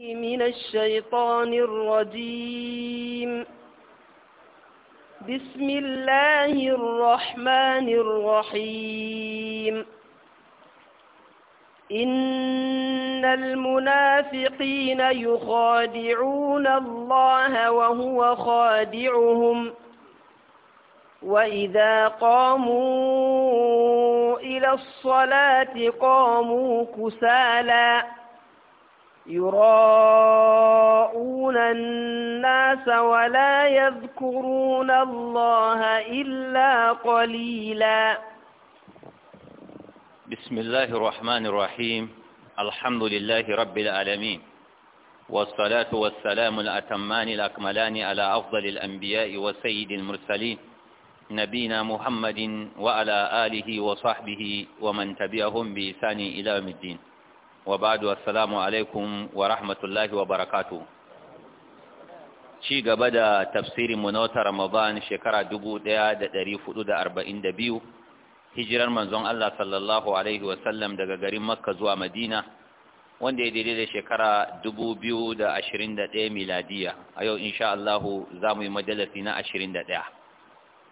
من الشيطان الرجيم بسم الله الرحمن الرحيم إن المنافقين يخادعون الله وهو خادعهم وإذا قاموا إلى الصلاة قاموا كسالاً يراءون الناس ولا يذكرون الله إلا قليلا بسم الله الرحمن الرحيم الحمد لله رب العالمين والصلاة والسلام الأتمان الأكملان على أفضل الأنبياء وسيد المرسلين نبينا محمد وعلى آله وصحبه ومن تبعهم بإحسان إلى يوم الدين wa ba'du assalamu alaikum wa rahmatullahi wa barakatu ci gaba da tafsirin mu na wata ramadan shekara 1442 hijirar manzon Allah sallallahu alaihi wa daga garin makka zuwa madina wanda ya daidai da shekara 2021 miladiya a yau insha Allah za mu yi majalisi na 21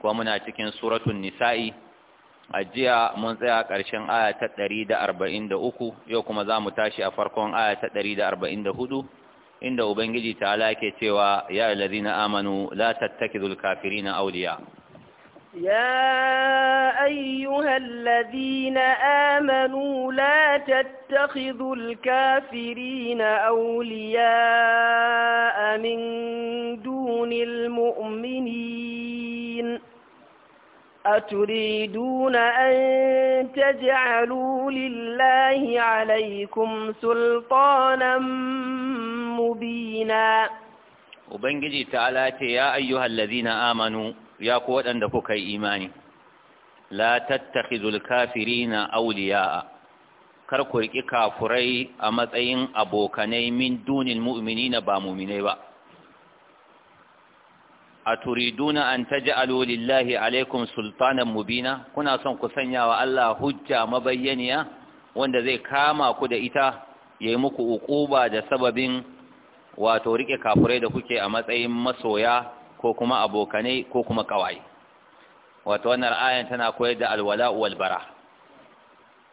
kuma muna cikin suratun nisa'i a jiya mun tsaya ƙarshen aya ta ɗari da arba'in da uku yau kuma za mu tashi a farkon aya ta ɗari da arba'in da hudu inda ubangiji ta alake cewa ya lalazi na amanu la tattakizul kafiri na auliya يا amanu الذين آمنوا لا تتخذوا الكافرين أولياء من دون المؤمنين أتريدون أن تجعلوا لله عليكم سلطانا مبينا Ubangiji ta'ala ce, Ya ayyuhal na amanu, ya ku waɗanda kuka yi imani, la tattaki zulkafiri na auliya'a, kar ku riƙi kafurai a matsayin abokanai min dunin mu'mini na ba muminai ba, A turiduna an taj'alu lillahi alaikum sultanan mubina kuna son ku sanya wa Allah hujja mabayyaniya wanda zai kama ku da ita yayi muku uquba da sababin wato rike kafurai da kuke a matsayin masoya ko kuma abokanai ko kuma kawai wato wannan ayan tana koyar da alwala wal bara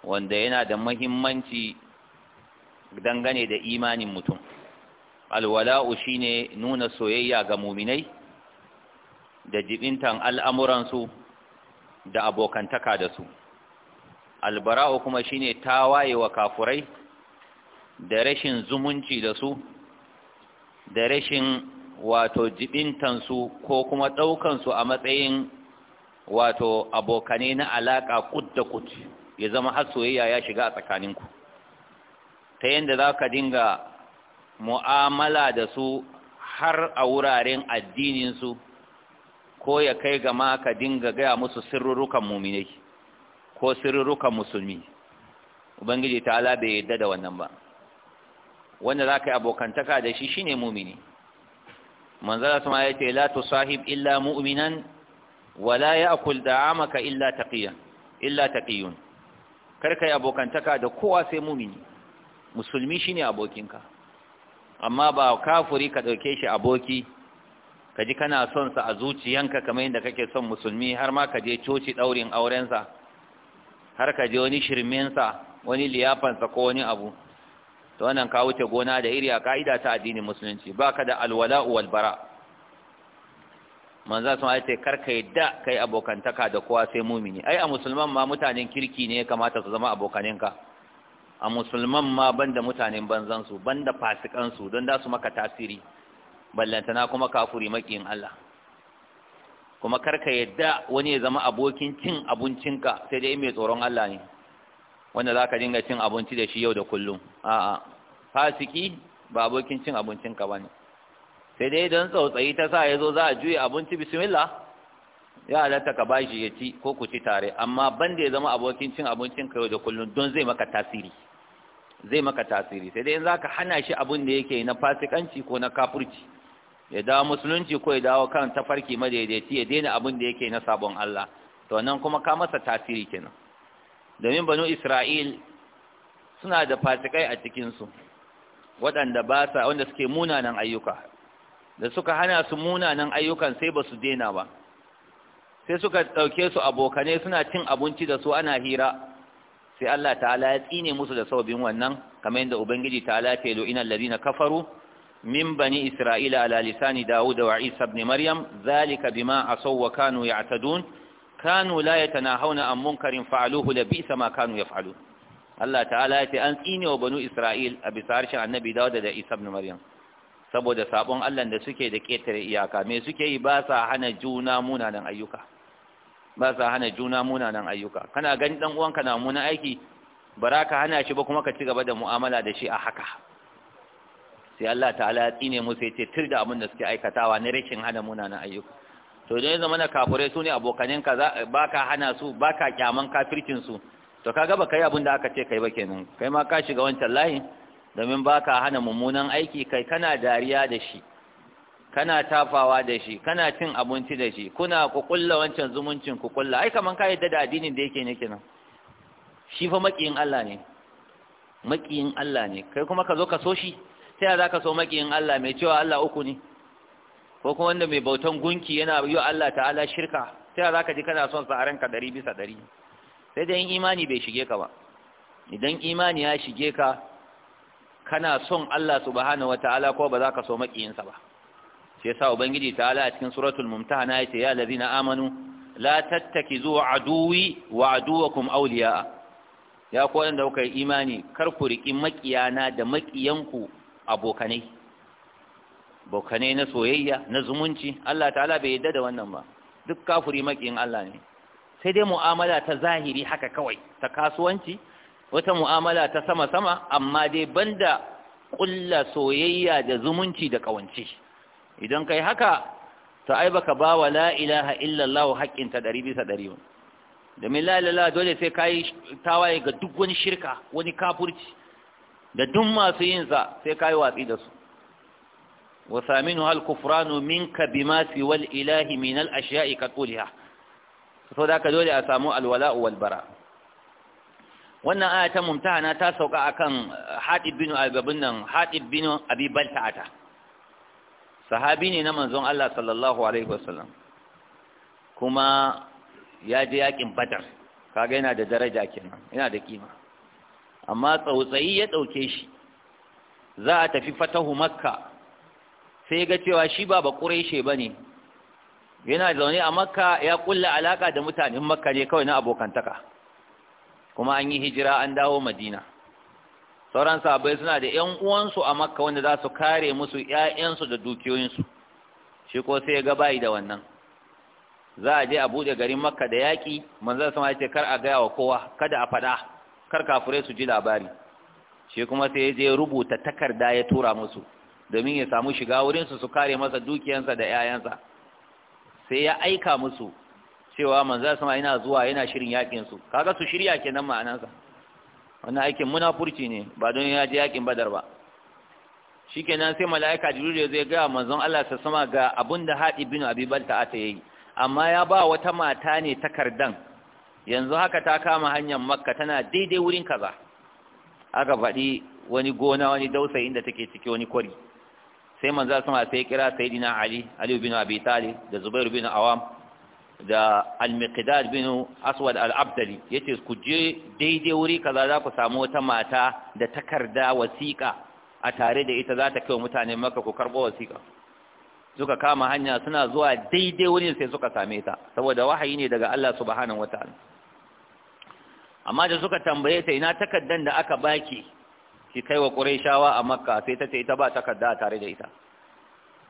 wanda yana da muhimmanci dangane da imanin mutum alwala'u shine nuna soyayya ga muminai da jibintan al'amuransu da abokantaka da su albara'u kuma shine waye wa kafurai da rashin zumunci da su da rashin wato jibintansu ko kuma ɗaukansu a matsayin wato abokane na alaƙa kud da kud ya zama har soyayya ya shiga a tsakaninku ta yadda za ka dinga mu'amala da su har a wuraren addininsu ko ya kai ga ma ka dinga gaya musu sirrurukan muminai ko sirrurukan musulmi ubangiji ta ala bai yadda da wannan ba wanda za ka yi abokantaka da shi shine mumini manzara su ma ya ce la sahib illa mu'minan wala ya akul da'amaka illa taqiyan illa taqiyun karka yi abokantaka da kowa sai mumini musulmi shine abokinka amma ba kafuri ka dauke shi aboki ka ji kana son sa a zuciyanka kamar yadda kake son musulmi har ma ka je coci daurin aurensa har ka je wani shirmensa wani liyafansa ko wani abu to wannan ka wuce gona da iri a ka'ida ta addinin musulunci ba ka da alwala wal bara za su ma'aice kar ka yadda kai abokantaka da kowa sai mumini ai a musulman ma mutanen kirki ne ya kamata su zama abokaninka a musulman ma banda mutanen banzansu, banda fasikansu don da su maka tasiri ballantana kuma kafuri maƙiyin Allah kuma karka yadda wani ya zama abokin cin abincinka sai dai mai tsoron Allah ne wanda za ka dinga cin abinci da shi yau da kullum a'a fasiki ba abokin cin abincinka ba ne sai dai don tsautsayi ta sa ya zo za a juya abinci bismillah ya halatta ka ba shi ya ci ko ku ci tare amma ban da ya zama abokin cin abincinka yau da kullum don zai maka tasiri zai maka tasiri sai dai in za ka hana shi abin da yake na fasikanci ko na kafurci ya dawo musulunci ko ya dawo kan tafarki madaidaici ya daina abin da yake na sabon Allah to nan kuma ka masa tasiri kenan domin banu Isra'il suna da fasikai a cikin su waɗanda ba sa wanda suke munanan ayyuka da suka hana su munanan ayyukan sai ba su daina ba sai suka ɗauke su abokane suna cin abinci da su ana hira sai Allah ta'ala ya tsine musu da sabbin wannan kamar yadda ubangiji ta'ala ya ce lo inal ladina kafaru من بني إسرائيل على لسان داود وعيسى بن مريم ذلك بما عصوا وكانوا يعتدون كانوا لا يتناهون عن منكر فعلوه لبئس ما كانوا يفعلون الله تعالى يتأنسيني وبنو إسرائيل أبي سارش عن نبي داود عيسى بن مريم سبو دا سابون ألا أن سكي دكيتر إياكا من سكي باسا حنا جونا مونا نن أيوكا باسا حنا جونا مونا نن أيوكا كان أغنطن وان كان مونا أيكي براكا حنا شبكم وكتغب دا مؤاملة دا شيء أحكا sai Allah ta'ala ya tsine musu ya ce tur da abin da suke aikatawa na rashin hana munanan ayyuka to idan ya zama na kafurai su ne abokanin ka baka hana su baka kyaman kafircin su to kaga baka yi abin da aka ce kai ba kenan kai ma ka shiga wancan layin domin baka hana mummunan aiki kai kana dariya da shi kana tafawa da shi kana cin abinci da shi kuna ku kulla wancan zumuncin ku kulla ai kaman ka yadda da addinin da yake ne kenan shi fa makiyin Allah ne makiyin Allah ne kai kuma ka zo ka so shi sai za ka so makiyin Allah mai cewa Allah uku ne ko kuma wanda mai bautan gunki yana yi Allah ta'ala shirka sai za ka ji kana son sa dari bisa ɗari sai dai imani bai shige ka ba idan imani ya shige ka kana son Allah subhanahu wata'ala ko ba za ka so makiyinsa ba sai sa ubangiji ta'ala a cikin suratul mumtahana yace ya allazina amanu la tattakizu aduwi wa aduwakum awliya ya ko wanda kuka yi imani kar ku riƙi makiyana da makiyanku abokanai bokanai na soyayya na zumunci Allah ta'ala bai yadda da wannan ba duk kafuri makiyin Allah ne sai dai mu'amala ta zahiri haka kawai ta kasuwanci wata mu'amala ta sama-sama amma dai banda kulla soyayya da zumunci da kawanci idan kai haka to ai baka ba wa la ilaha illallah haƙƙin ta ɗari bisa ɗari domin la ilaha dole sai kai tawaye ga duk wani shirka wani kafurci da duk masu yin sa sai yi watsi da su wa saminu hal kufranu minka bima fi wal ilahi min al ashya'i ka quliha so da ka dole a samu alwala wal bara wannan aya ta mumtahana ta sauka akan Hadib bin Ababin nan Hadib bin Abi Balta'ata sahabi ne na manzon Allah sallallahu alaihi wasallam kuma ya je yakin Badar kaga yana da daraja kenan yana da kima amma tsautsayi ya ɗauke shi za a tafi fatahu makka sai ga cewa shi ba ba ƙureshe ba ne yana zaune a makka ya ƙulla alaƙa da mutanen makka ne kawai na abokantaka kuma an yi hijira an dawo madina sauran sabai suna da ‘yan uwansu a makka wanda za su kare musu ‘ya'yansu da dukiyoyinsu shi ko sai ga bayi da wannan za a je a buɗe garin makka da yaƙi manzan sama ya ce kar a gaya wa kowa kada a faɗa kar kafure su ji labari shi kuma sai je rubuta takarda ya tura musu domin ya samu shiga wurinsu su kare masa dukiyansa da 'ya'yansa sai ya aika musu cewa manzo sama yana zuwa yana shirin yakin kaga su shirya kenan ma'anansa wannan aikin munafurci ne ba don ya je yakin badar ba Shi kenan sai mala'ika jibril zai ga manzan Allah sa sama ga da Hadi bin Abi Balta ta yi amma ya ba wata mata ne takardan yanzu haka ta kama hanyar makka tana daidai wurin kaza aka faɗi wani gona wani dausa inda take ciki wani kwari sai manzo sama sai kira Saidina ali ali bin abi talib da zubair bin awam da al-miqdad bin aswad al-abdali yace ku je daidai wuri kaza za ku samu wata mata da takarda wasiƙa a tare da ita za ta kai mutane Makka ku karbo wasiƙa suka kama hanya suna zuwa daidai wurin sai suka same ta saboda wahayi ne daga Allah subhanahu wataala amma da suka tambaye ta ina takaddan da aka baki ki kai wa shawa a makka sai ta ce ita ba takadda tare da ita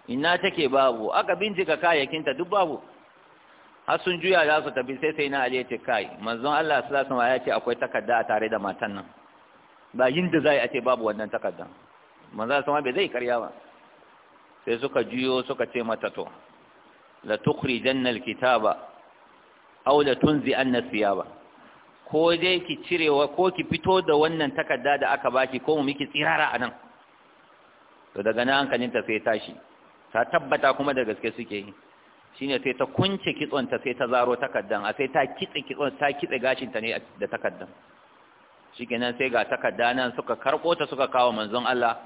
ina take babu aka bincika kayakinta duk babu har sun juya za su tafi sai sai na ali ya ce kai manzon Allah sallallahu alaihi wasallam ya ce akwai takadda tare da matan nan ba yinda zai a ce babu wannan takadda manzon sama bai zai karya ba sai suka juyo suka ce mata to la tukhrijanna alkitaba aw la tunzi anna siyaba ko dai ki cirewa ko ki fito da wannan takarda da aka baki ko mu miki tsirara a nan to daga nan hankalinta sai tashi ta tabbata kuma da gaske suke yi shine sai ta kunce kitsonta sai ta zaro takardan a sai ta kitse kitson ta kitse gashinta ne da takardan shikenan sai ga takarda nan suka karko ta suka kawo manzon Allah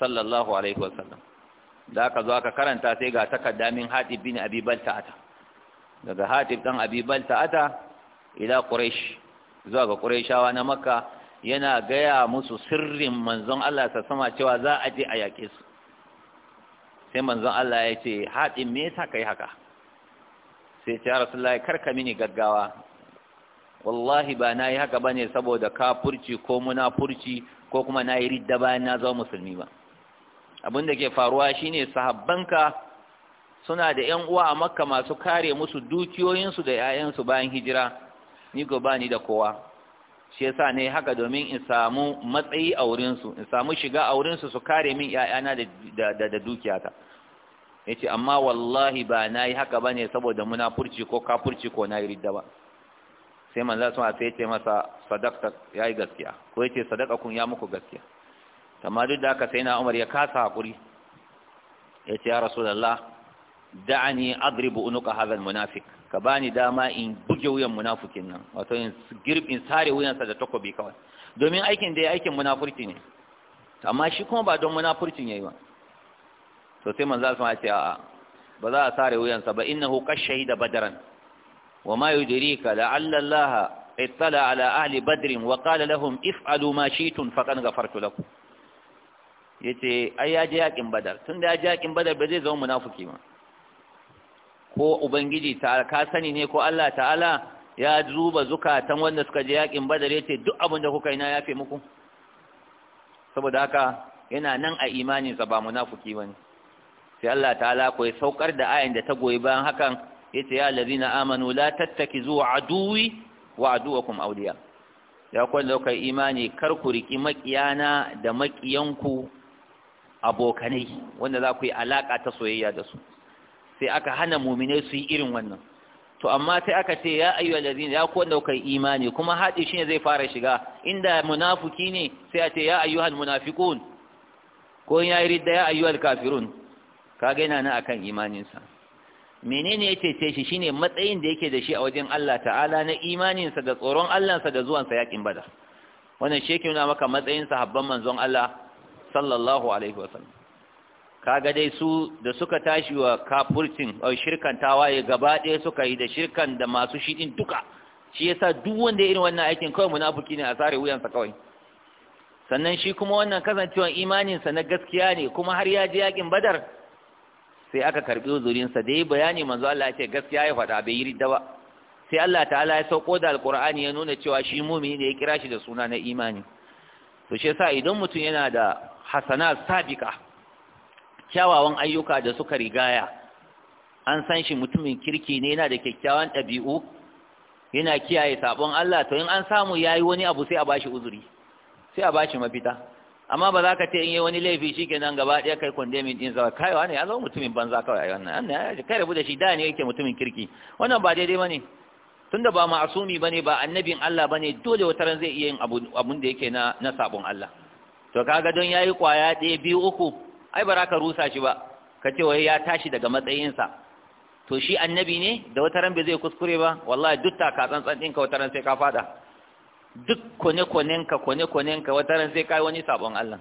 sallallahu alaihi wasallam da aka zo aka karanta sai ga takarda min Hatib bin Abi Balta'ata daga Hatib dan Abi Balta'ata ila Quraysh zuwa ga ƙurayshawa na makka yana gaya musu sirrin manzon Allah ta sama cewa za a je a yaƙe su sai manzon Allah ya ce haɗin me yasa kai haka sai ce rasulullahi karka mini gaggawa wallahi ba na yi haka ba ne saboda furci ko muna furci ko kuma na yi ridda bayan na zama musulmi ba abin da ke faruwa shine sahabbanka suna da ‘yan uwa a makka masu kare musu dukiyoyinsu da ‘ya'yansu bayan hijira ni ko bani da kowa shi yasa ne haka domin in samu matsayi a wurinsu in samu shiga a wurinsu su kare min ‘ya'yana da dukiyata ya ce amma wallahi ba na yi haka ba ne saboda munafurci ko kafurci ko na yi ridda ba sai manza suna ya ce masa sadakta ya yi gaskiya ko ya ce sadaka kun ya muku gaskiya amma duk da ka sai na umar ya kasa haƙuri ya ce ya rasulallah da'ani adribu unuka hazal munafik ka bani dama in buge wuyan munafukin nan wato in girb sare wuyansa da takobi kawai domin aikin da ya aikin munafurci ne amma shi kuma ba don munafurcin yayi ba to sai manzo su ce a'a ba za a sare wuyansa ba innahu qad shahida badran wa ma yudrika la'alla Allah ittala ala ahli badrin wa qala lahum if'alu ma shi'tum faqad ghafartu lakum yace ai ya je yakin badar tunda ya je yakin badar ba zai zama munafiki ba ko ubangiji ta ka sani ne ko Allah ta'ala ya zuba zukatan wanda suka je yakin badare ce duk abin da kuka yi na yafe muku saboda haka yana nan a imanin sa ba munafiki bane sai Allah ta'ala ko ya saukar da ayin da ta goyi bayan hakan yace ya allazina amanu la tattakizu aduwi wa aduwakum awliya ya ko da kai imani kar ku riki makiyana da makiyanku abokanai wanda za ku yi alaka ta soyayya da su sai aka hana muminai su yi irin wannan to amma sai aka ce ya ayyuha allazina ya kuwa kai imani kuma haɗi shine zai fara shiga inda munafiki ne sai a ce ya ayyuhal munafiqun ko ya yi ridda ya ayyuhal kafirun kaga yana nan akan imaninsa menene ya cece shi shine matsayin da yake da shi a wajen Allah ta'ala na imaninsa da tsoron Allahnsa da zuwansa yakin Bada. wannan shi yake nuna maka matsayin sahabban manzon Allah sallallahu alaihi wasallam kaga dai su da suka tashi wa kafurcin shirkan tawaye gaba ɗaya suka yi da shirkan da masu shiɗin duka shi yasa duk wanda irin wannan aikin kawai munafiki ne a sare wuyansa kawai sannan shi kuma wannan kasancewar imaninsa na gaskiya ne kuma har ya ji yakin badar sai aka karbi uzurinsa da yi bayani manzo Allah ya ce gaskiya ya faɗa bai yi ridda ba sai Allah ta'ala ya sauko da alkur'ani ya nuna cewa shi mumini ne ya kira shi da suna na imani to shi yasa idan mutum yana da hasana sabika kyawawan ayyuka da suka rigaya an san shi mutumin kirki ne yana da kyakkyawan ɗabi'u yana kiyaye sabon Allah to in an samu yayi wani abu sai a bashi uzuri sai a bashi mafita amma ba za ka ce in yi wani laifi shi kenan gaba ɗaya kai kondemin ɗin zawa kai wani ya zama mutumin banza kawai a wannan annan kai rabu da shi da ne yake mutumin kirki wannan ba daidai ba ne tunda ba ma'asumi ba ne ba annabin Allah ba ne dole wata ran zai iya yin abun da yake na sabon Allah to kaga don ya yi ƙwaya ɗaya biyu uku ai ba ka rusa shi ba ka ce wai ya tashi daga matsayinsa to shi annabi ne da wata ran bai zai kuskure ba wallahi duk ka tsantsan ɗinka wata ran sai ka fada duk kone-konenka kone-konenka wata ran sai ka yi wani sabon Allah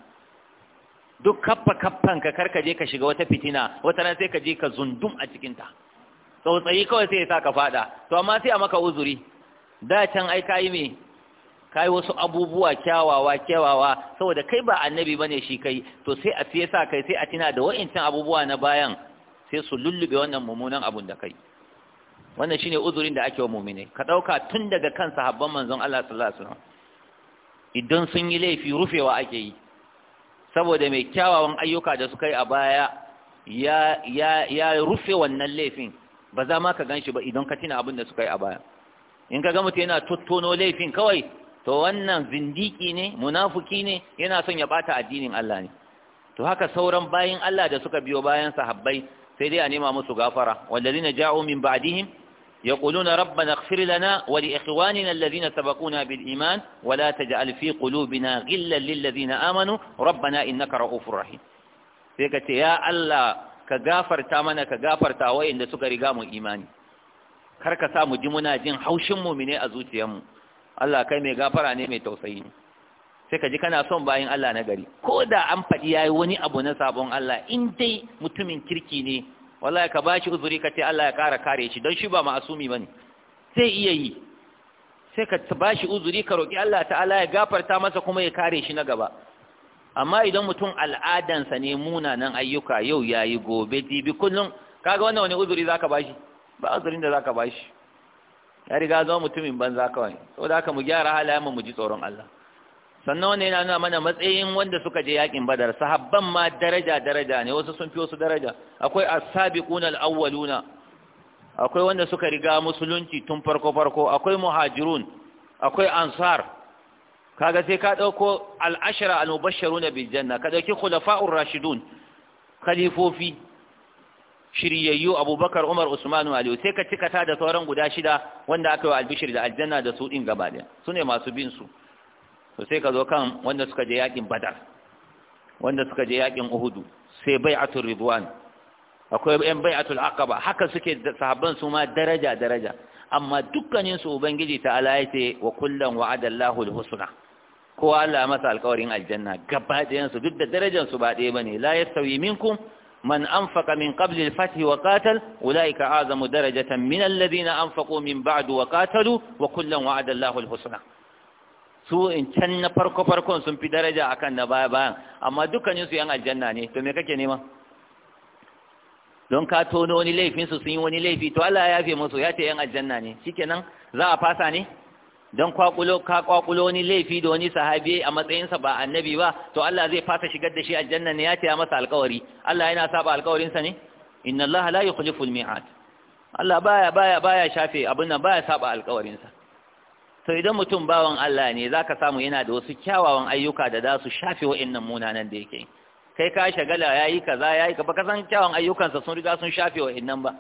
duk kappa kappan ka karka je ka shiga wata fitina wata ran sai ka je ka zundum a cikinta tsautsayi kawai sai ya sa ka fada to amma sai a maka uzuri da can ai ka yi me kai wasu abubuwa kyawawa kyawawa saboda kai ba annabi bane shi kai to sai a sai sa kai sai a tina da wa'incin abubuwa na bayan sai su lullube wannan mummunan abun da kai wannan shine uzurin da ake wa mu'mini ka dauka tun daga kan sahabban manzon Allah sallallahu alaihi wasallam idan sun yi laifi rufewa ake yi saboda mai kyawawan ayyuka da suka yi a baya ya ya ya rufe wannan laifin ba za ma ka ganshi ba idan ka tina abin da suka yi a baya in ka ga mutum yana tottono laifin kawai to wannan zindiki ne munafuki ne yana son ya ɓata addinin Allah ne to haka sauran bayan Allah da suka biyo bayan sahabbai sai dai a nema musu gafara wallazina ja'u min ba'dihim yaquluna rabbana ighfir lana wa li ikhwanina alladhina sabaquna bil iman wa la taj'al fi qulubina ghillan lil ladzina amanu rabbana innaka ra'ufur rahim sai ka ce ya Allah ka gafarta mana ka gafarta wa'inda suka riga mu imani kar ka sa mu ji muna jin haushin mu ne a mu. Allah kai mai gafara ne mai tausayi ne sai ka ji kana son bayin Allah na gari ko da an faɗi ya yi wani abu na sabon Allah in dai mutumin kirki ne wallahi ka bashi uzuri ka ce Allah ya ƙara kare shi don shi ba ma'asumi ne. sai iya yi sai ka bashi uzuri ka roƙi Allah ta'ala ya gafarta masa kuma ya kare shi na gaba amma idan mutum al'adansa ne munanan ayyuka yau ya yi gobe dibi kullum kaga wannan wani uzuri ka bashi ba uzurin da za ka bashi ya riga zama mutumin banza kawai saboda haka mu gyara halayen mu ji tsoron Allah sannan wannan yana nuna mana matsayin wanda suka je yakin badar sahabban ma daraja daraja ne wasu sun fi wasu daraja akwai as-sabiquna al-awwaluna akwai wanda suka riga musulunci tun farko farko akwai muhajirun akwai ansar kaga sai ka dauko al-ashra al-mubashshiruna bil janna ka dauki khulafa'ur rashidun khalifofi shiryayyu abubakar umar usmanu aliyu sai ka cika ta da sauran guda shida wanda aka yi albishir da aljanna da su ɗin gaba ɗaya su ne masu bin su to sai ka zo kan wanda suka je yakin badar wanda suka je yakin uhudu sai bai'atul ridwan akwai yan bai'atul aqaba haka suke sahabban su ma daraja daraja amma dukkanin su ubangiji ta ala wa kullan wa'ada Allahu husna kowa Allah masa alƙawarin aljanna gaba ɗayan su duk da darajansu su ba ɗaya bane la sauyi minkum من أنفق من قبل الفتح وقاتل أولئك أعظم درجة من الذين أنفقوا من بعد وقاتلوا وكلا وعد الله الحسنى su in can na farko farkon sun fi daraja akan na baya bayan amma dukkanin su yan aljanna ne to me kake nema don ka tono wani laifin su sun yi wani laifi to Allah ya fi musu ya ce yan aljanna ne shikenan za a fasa ne don kwakulo wani laifi da wani sahabi a matsayinsa ba annabi ba to Allah zai fasa shigar da shi aljanna ne ya taya masa alkawari Allah yana saba alkawarinsa ne inna Allah la yukhlifu al-mi'ad Allah baya baya baya shafe abin nan baya saba alkawarinsa to idan mutum bawan Allah ne zaka samu yana da wasu kyawawan ayyuka da za su shafe wa'annan munanan da yake kai ka shagala yayi kaza yayi ka ba ka san kyawawan ayyukansa sun riga sun shafe wa'annan ba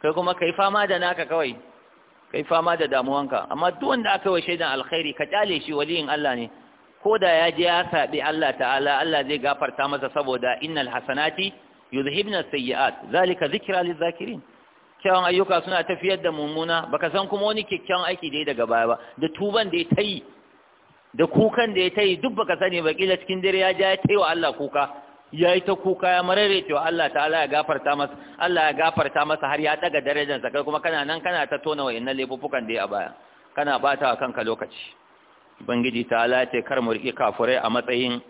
kai kuma kai fama da naka kawai kai fama da damuwanka amma duk wanda aka yi wa shaidan alkhairi ka kyale shi waliyin Allah ne ko da ya je ya saɓi Allah ta'ala Allah zai gafarta masa saboda innal hasanati yuzhibna sayyi'at zalika zikra Zakirin. kyawun ayyuka suna tafiyar da mummuna baka san kuma wani kyakkyawan aiki da ya daga baya ba da tuban da ya tayi da kukan da ya tayi duk baka sani ba kila cikin dare ya ja ya tayi wa Allah kuka ya yi ta kuka ya marare cewa Allah ta'ala ya gafarta masa Allah ya gafarta masa har ya daga darajar sa kai kuma kana nan kana ta tona wayannan laifukan da ya baya kana bata wa kanka lokaci ubangiji ta'ala ya ce kar mu riki kafurai a matsayin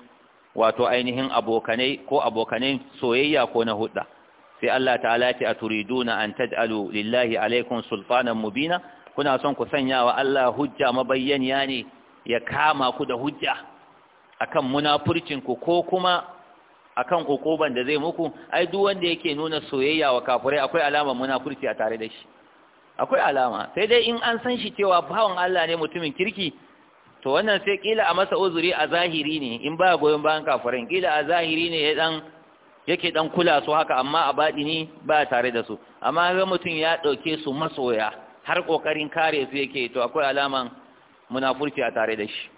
wato ainihin abokanai ko abokanai soyayya ko na hudda sai Allah ta'ala ya ce aturiduna an taj'alu lillahi alaikum sultanan mubina kuna son ku sanya wa Allah hujja mabayyaniya ne ya kama ku da hujja akan munafurcin ku ko kuma akan hukuban da zai muku ai duk wanda yake nuna soyayya wa kafirai akwai alama munafurci a tare da shi akwai alama sai dai in an san shi cewa bawan Allah ne mutumin kirki to wannan sai kila a masa uzuri a zahiri ne in ba goyon bayan kafirin kila a zahiri ne ya dan yake dan kula su haka amma a baɗi ne ba tare da su amma ga mutum ya ɗauke su masoya har ƙoƙarin kare su yake to akwai alaman munafurci a tare da shi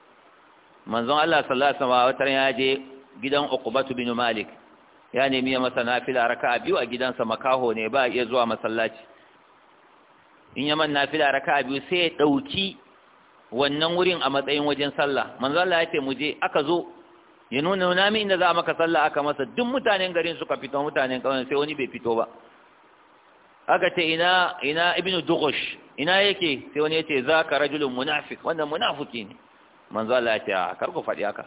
manzon Allah sallallahu alaihi wasallam ya je gidan uqbatu bin malik ya nemi ya masa nafila raka'a biyu a gidansa makaho ne ba iya zuwa masallaci in yaman nafila raka'a biyu sai ya dauki wannan wurin a matsayin wajen sallah manzo Allah ya ce mu je aka zo ya nuna nuna min inda za maka sallah aka masa duk mutanen garin suka fito mutanen kauyen sai wani bai fito ba aka ce ina ina ibnu ina yake sai wani yace zaka rajulun munafiq wannan munafiki ne manzo Allah ya ce kar ku faɗi haka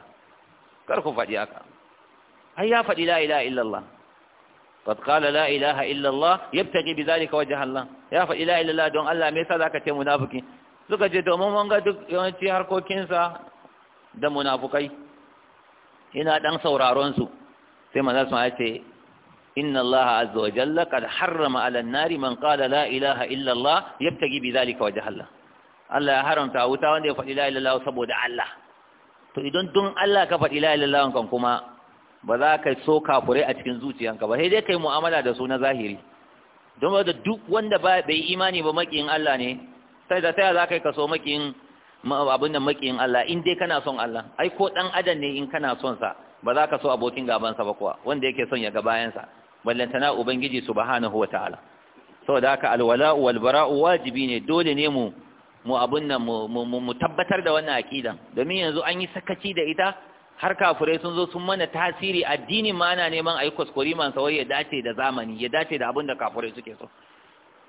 kar ku faɗi haka ai ya faɗi la ilaha illallah qad qala la ilaha illallah yabtaghi bidhalika wajha Allah ya faɗi la ilaha don Allah me yasa zaka ce munafiki suka je domin mun ga duk yawanci harkokinsa da munafukai ina dan sauraron su sai manzo sun ce inna Allah azza wa jalla qad harrama 'ala an-nari man qala la ilaha illallah yabtaghi bidhalika wajha Allah Allah ya haramta wuta wanda ya faɗi la ilaha illallah saboda Allah to idan don Allah ka faɗi la ilaha kan kuma ba za ka so kafurai a cikin zuciyanka ba sai dai kai mu'amala da su na zahiri don da duk wanda bai imani ba makiyin Allah ne sai da sai za ka kaso makiyin abin da makiyin Allah in dai kana son Allah ai ko dan adam ne in kana son sa ba za ka so abokin gaban sa ba kuwa wanda yake son ya ga bayan sa ballantana ubangiji subhanahu wataala saboda haka alwala'u wal bara'u wajibi ne dole ne mu mu abun nan mu tabbatar da wannan aqidan domin yanzu an yi sakaci da ita har kafure sun zo sun mana tasiri addini ma ana neman ayi kuskure man sai ya dace da zamani ya dace da abun da kafure suke so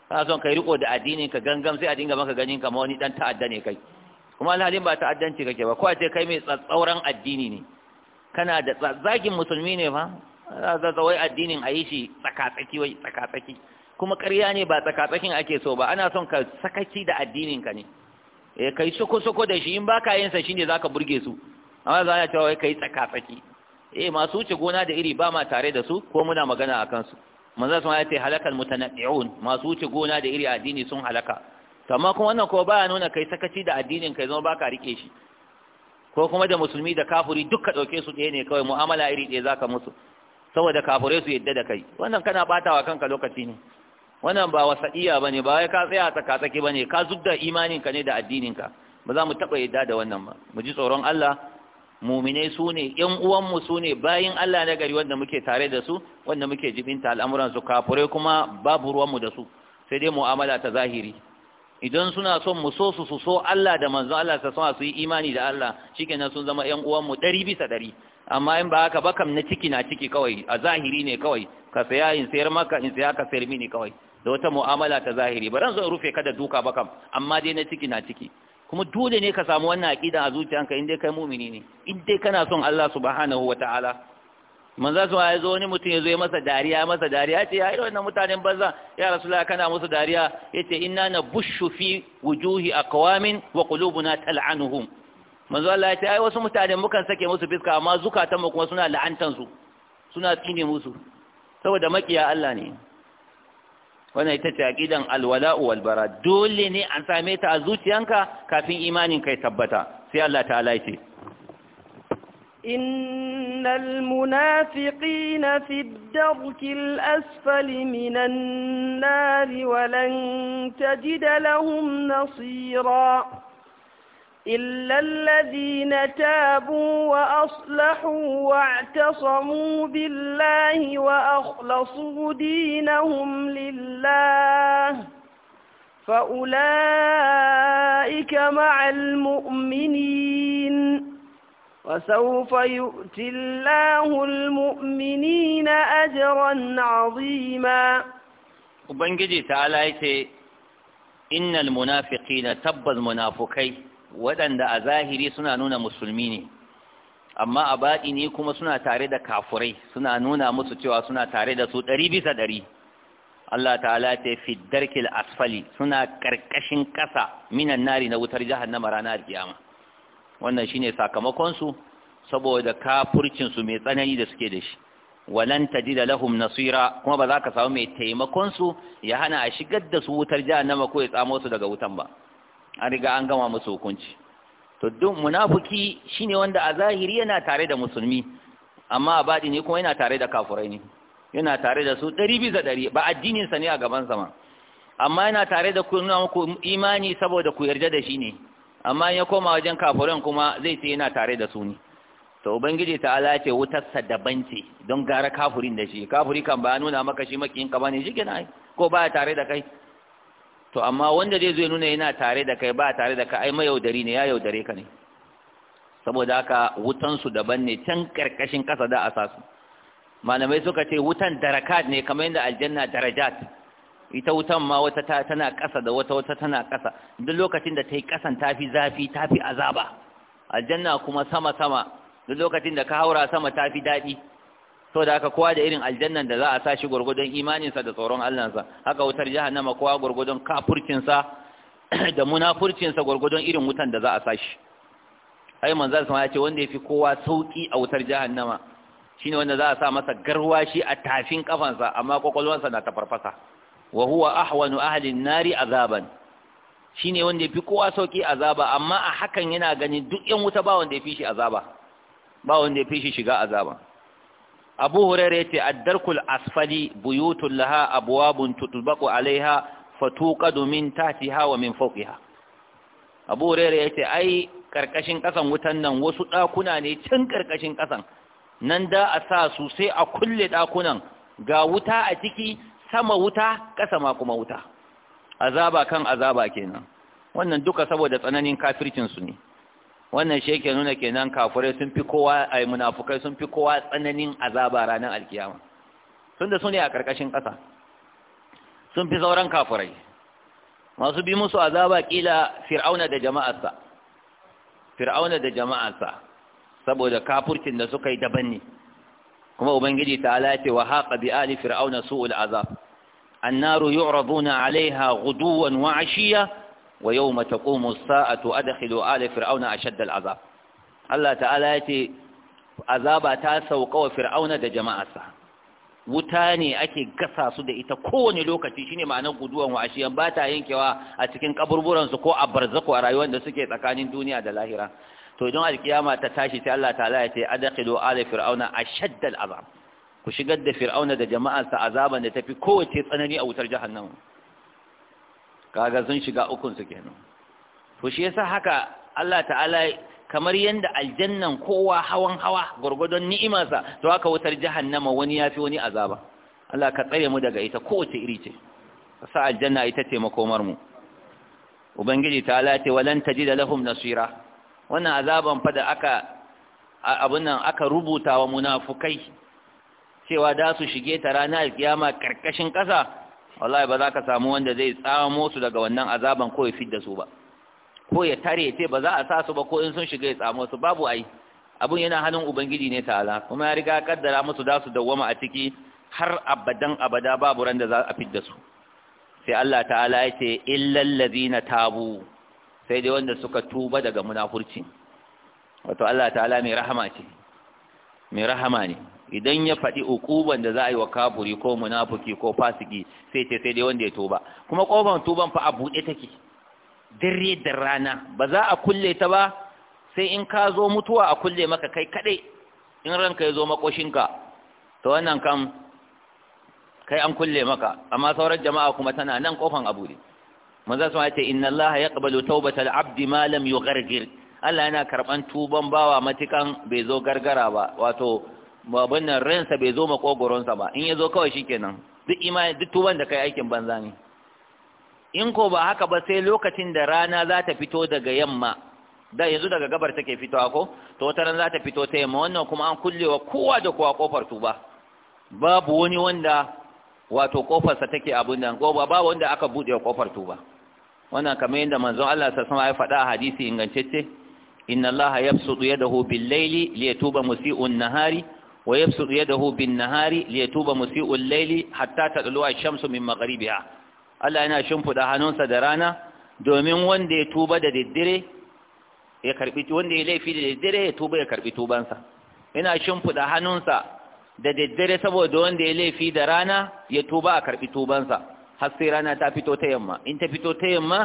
kana son kai riko da addinin ka gangam sai a dinga maka ganin kamar wani dan ta'adda ne kai kuma alhalin ba ta'addanci kake ba ko a ce kai mai tsatsauran addini ne kana da zagin musulmi ne fa za ta wai addinin a yi shi tsakatsaki wai tsakatsaki kuma ƙarya ne ba tsakatsakin ake so ba ana son ka sakaci da addinin ka ne ka eh, kai soko-soko da shi in baka yin sa shine ka burge su amma za a cewa kai tsakatsaki eh masu wuce gona da iri ba ma tare da su ko muna magana kansu? su manzo sun ayate halakal mutanaddi'un masu wuce gona da iri addini sun halaka to amma kuma wannan ko baya nuna kai sakaci da addinin ka zama ka rike shi ko kuma da musulmi da kafiri duka ɗauke su ɗaya ne kawai mu'amala iri ɗaya zaka musu saboda kafure su yadda da kai wannan kana batawa kanka lokaci ne wannan ba wasa'iya bane ba wai ka tsaya tsaka tsaki bane ka zudda imanin ka ne da addinin ka ba za mu taba yadda da wannan ba mu ji tsoron Allah mu'mine su ne ƴan uwan mu su ne bayin Allah na gari wanda muke tare da su wanda muke jibinta al'amuran su kafurai kuma babu ruwan mu da su sai dai mu'amala ta zahiri idan suna son mu so su so Allah da manzo Allah ta sama su yi imani da Allah shikenan sun zama ƴan uwan mu 100 bisa 100 amma in ba haka ba kam na ciki na ciki kawai a zahiri ne kawai ka saya in sayar maka in saya ka sayar mini kawai da wata mu'amala ta zahiri ba ran zo rufe ka da duka ba kam amma dai na ciki na ciki kuma dole ne ka samu wannan aqida a zuciyanka in dai kai mumini ne in dai kana son Allah subhanahu wataala manzo su ya zo wani mutum ya zo ya masa dariya masa dariya ce yayi wannan mutanen banza ya rasulullahi kana musu dariya yace inna na fi wujuhi aqwamin wa qulubuna tal'anuhum manzo Allah ce ai wasu mutane mukan sake musu fiska amma zukatan mu kuma suna la'antan su suna tsine musu saboda makiya Allah ne wannan ita ce aqidan alwala'u walbara dole ne an same ta a zuciyanka kafin imanin kai tabbata sai Allah ta'ala ya ce innal munafiqina fi ad-darkil asfali minan nari walan tajida lahum nasira إلا الذين تابوا وأصلحوا واعتصموا بالله وأخلصوا دينهم لله فأولئك مع المؤمنين وسوف يؤتي الله المؤمنين أجرا عظيما وبنجي تعالى إن المنافقين تبض منافقين waɗanda a zahiri suna nuna musulmi ne amma a baɗi ne kuma suna tare da kafurai suna nuna musu cewa suna tare da su ɗari bisa ɗari Allah ta'ala ta fi darkil asfali suna ƙarƙashin ƙasa minan nari na wutar jahannama ranar kiyama wannan shine sakamakonsu saboda kafurcinsu mai tsanani da suke da shi walan tajida lahum nasira kuma ba za ka samu mai taimakonsu ya hana a shigar da su wutar jahannama ko ya tsamo su daga wutan ba an riga an gama musu hukunci to duk munafiki shine wanda a zahiri yana tare da musulmi amma a baɗi ne kuma yana tare da kafurai ne yana tare da su ɗari bisa ɗari ba addinin sa ne a gaban sama amma yana tare da kuna muku imani saboda ku yarda da shi ne amma ya koma wajen kafuran kuma zai ce yana tare da su ne to ubangiji ta ala ce wutarsa daban ce don gara kafurin da shi kafuri kan ba nuna maka shi makiyin ka bane shi kenan ko ba tare da kai to amma wanda zai zo nuna yana tare da kai ba tare da kai, ai yaudari ne ya yaudare ka ne saboda haka wutan su daban ne can karkashin kasa da a sasu malamai suka ce wutan darakat ne kamar yadda aljanna darajat ita wutan ma wata tana kasa da wata wata tana kasa duk lokacin da ta yi kasan tafi zafi tafi azaba aljanna kuma sama sama duk lokacin da ka haura sama tafi daɗi saboda haka kowa da irin aljannan da za a sa shi gurgudun imaninsa da tsoron Allahnsa haka wutar jahannama kowa gurgudun kafurcinsa da munafurcinsa gurgudun irin wutan da za a sa shi ai manzal sama ya ce wanda yafi kowa sauki a wutar jahannama shine wanda za a sa masa garwashi a tafin kafansa amma kwakwalwansa na tafarfasa wa huwa ahwanu ahli nari azaban shine wanda yafi kowa sauki azaba amma a hakan yana ganin duk yan wuta ba wanda yafi shi azaba ba wanda yafi shi shiga azaba abu hurairu yace ad-darkul asfali buyutun laha abwabun tutbaqu alaiha fatuqadu min tahtiha wa min fawqiha abu hurairu yace ai karkashin ƙasan wutan nan wasu ɗakuna ne can karkashin ƙasan. nan da a sa su sai a kulle ɗakunan, ga wuta a ciki sama wuta ƙasa ma kuma wuta azaba kan azaba kenan wannan duka saboda tsananin kafircin su ne wannan shi ke nuna kenan kafirai sun fi kowa ai munafukai sun fi kowa tsananin azaba ranar alkiyama sun da su ne a ƙarƙashin ƙasa sun fi sauran kafurai. masu bi musu azaba kila fir'auna da jama'arsa fir'auna da jama'arsa saboda kafurcin da suka yi daban ne kuma ubangiji ta alace wa haqa bi ali fir'auna su'ul azab annaru yu'raduna alaiha ghuduwan wa ashiya wa yau mata ƙomu sa'atu a dakhilu ala fir'auna a shaddal azab Allah ta'ala ya ce azaba ta sauka wa fir'auna da jama'arsa wuta ne ake gasa su da ita kowane lokaci shine ma'anar guduwan wa ashiyan ba ta yankewa a cikin kaburburansu ko a barzako a rayuwar da suke tsakanin duniya da lahira to idan alkiyama ta tashi sai Allah ta'ala ya ce adkhilu ala fir'auna ashaddal azab ku shigar da fir'auna da jama'arsa azaban da tafi kowace tsanani a wutar jihar jahannama kaga sun shiga ukun su kenan to shi yasa haka Allah ta'ala kamar yanda aljannan kowa hawan hawa gurgudun ni'imarsa to haka wutar jahannama wani yafi wani azaba Allah ka tsare mu daga ita kowace iri ce sa aljanna ita ce makomar mu ubangiji ta ce walan tajida lahum nasira wannan azaban fa da aka abun nan aka rubuta wa munafukai cewa da su shige ta ranar kiyama karkashin kasa wallahi ba za ka samu wanda zai tsamo su daga wannan azaban ko ya da su ba ko ya tare ce ba za a sa su ba ko in sun shiga ya tsamo su babu ai abun yana hannun ubangiji ne ala kuma ya riga kaddara musu za su dawwama a ciki har abadan abada babu randa za a da su sai Allah ta'ala ya ce illal ladina tabu sai dai wanda suka tuba daga munafurci wato Allah ta'ala mai rahama ce mai rahama ne idan ya faɗi ukuban da za a yi wa kafuri ko munafuki ko fasiki sai ce sai dai wanda ya tuba kuma ƙofar tuban fa a buɗe take dare da rana ba za a kulle ta ba sai in ka zo mutuwa a kulle maka kai kaɗai in ranka ya zo makoshinka ta wannan kan kai an kulle maka amma sauran jama'a kuma tana nan ƙofar a buɗe manzo sun ce inna allaha yaqbalu tawbatal abdi malam lam yughargir Allah yana karɓan tuban bawa matikan bai zo gargara ba wato babban nan ransa bai zo makogoronsa ba in ya zo kawai shikenan duk imani duk tuban da kai aikin banza ne in ko ba haka ba sai lokacin da rana za ta fito daga yamma da yanzu daga gabar take fitowa ko to wata ran za ta fito ta yamma wannan kuma an kullewa kowa da kowa kofar tuba babu wani wanda wato kofarsa take abin nan ko babu wanda aka bude kofar tuba wannan kamar yadda manzon Allah sallallahu alaihi wasallam ya faɗa a hadisi ingantacce inna Allah yabsutu yadahu bil-laili liyatuba musii'un nahari wa yabsutu yadahu bin nahari liyatuba musii'ul layli hatta tadlu ash-shamsu min maghribiha Allah yana shimfida hannunsa da rana domin wanda ya tuba da daddare ya karbi wanda ya laifi da daddare ya tuba ya karbi tubansa Ina shimfida hannunsa da daddare saboda wanda ya laifi da rana ya tuba a karbi tubansa har sai rana ta fito ta yamma in ta fito ta yamma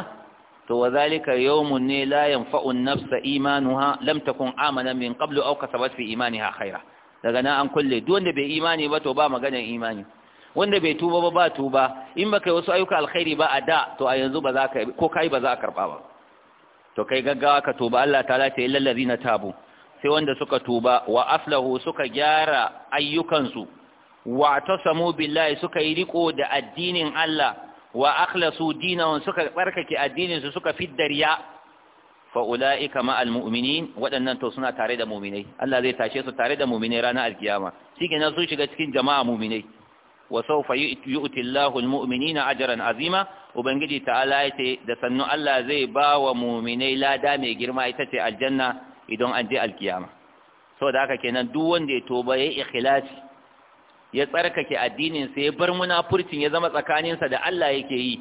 to wazalika zalika yawmun ne la yanfa'u an-nafsa imanuha lam takun amana min qablu aw kasabat fi imaniha khaira daga na an kulle duk wanda bai imani ba to ba maganar imani wanda bai tuba ba ba tuba in baka yi wasu ayyuka alkhairi ba a da to a yanzu ba za ka ko kai ba za a karba ba to kai gaggawa ka tuba Allah ta'ala yi illal ladina tabu sai wanda suka tuba wa aflahu suka gyara ayyukansu wa tasamu billahi suka yi riko da addinin Allah wa akhlasu dinahum suka barkake addinin su suka fidda riya faula'ika ulaika ma al mu'minin waɗannan to suna tare da mu'minai Allah zai tashe su tare da mu'minai ranar alkiyama shikenan sun shiga cikin jama'a mu'minai wa sawfa yu'ti Allahu al mu'minina ajran azima ubangiji ta'ala yace da sannu Allah zai ba wa mu'minai lada mai girma ita ce aljanna idan an je alkiyama da haka kenan duk wanda ya toba yayi ikhlasi ya tsarkake addinin sa ya bar munafurcin ya zama tsakaninsa da Allah yake yi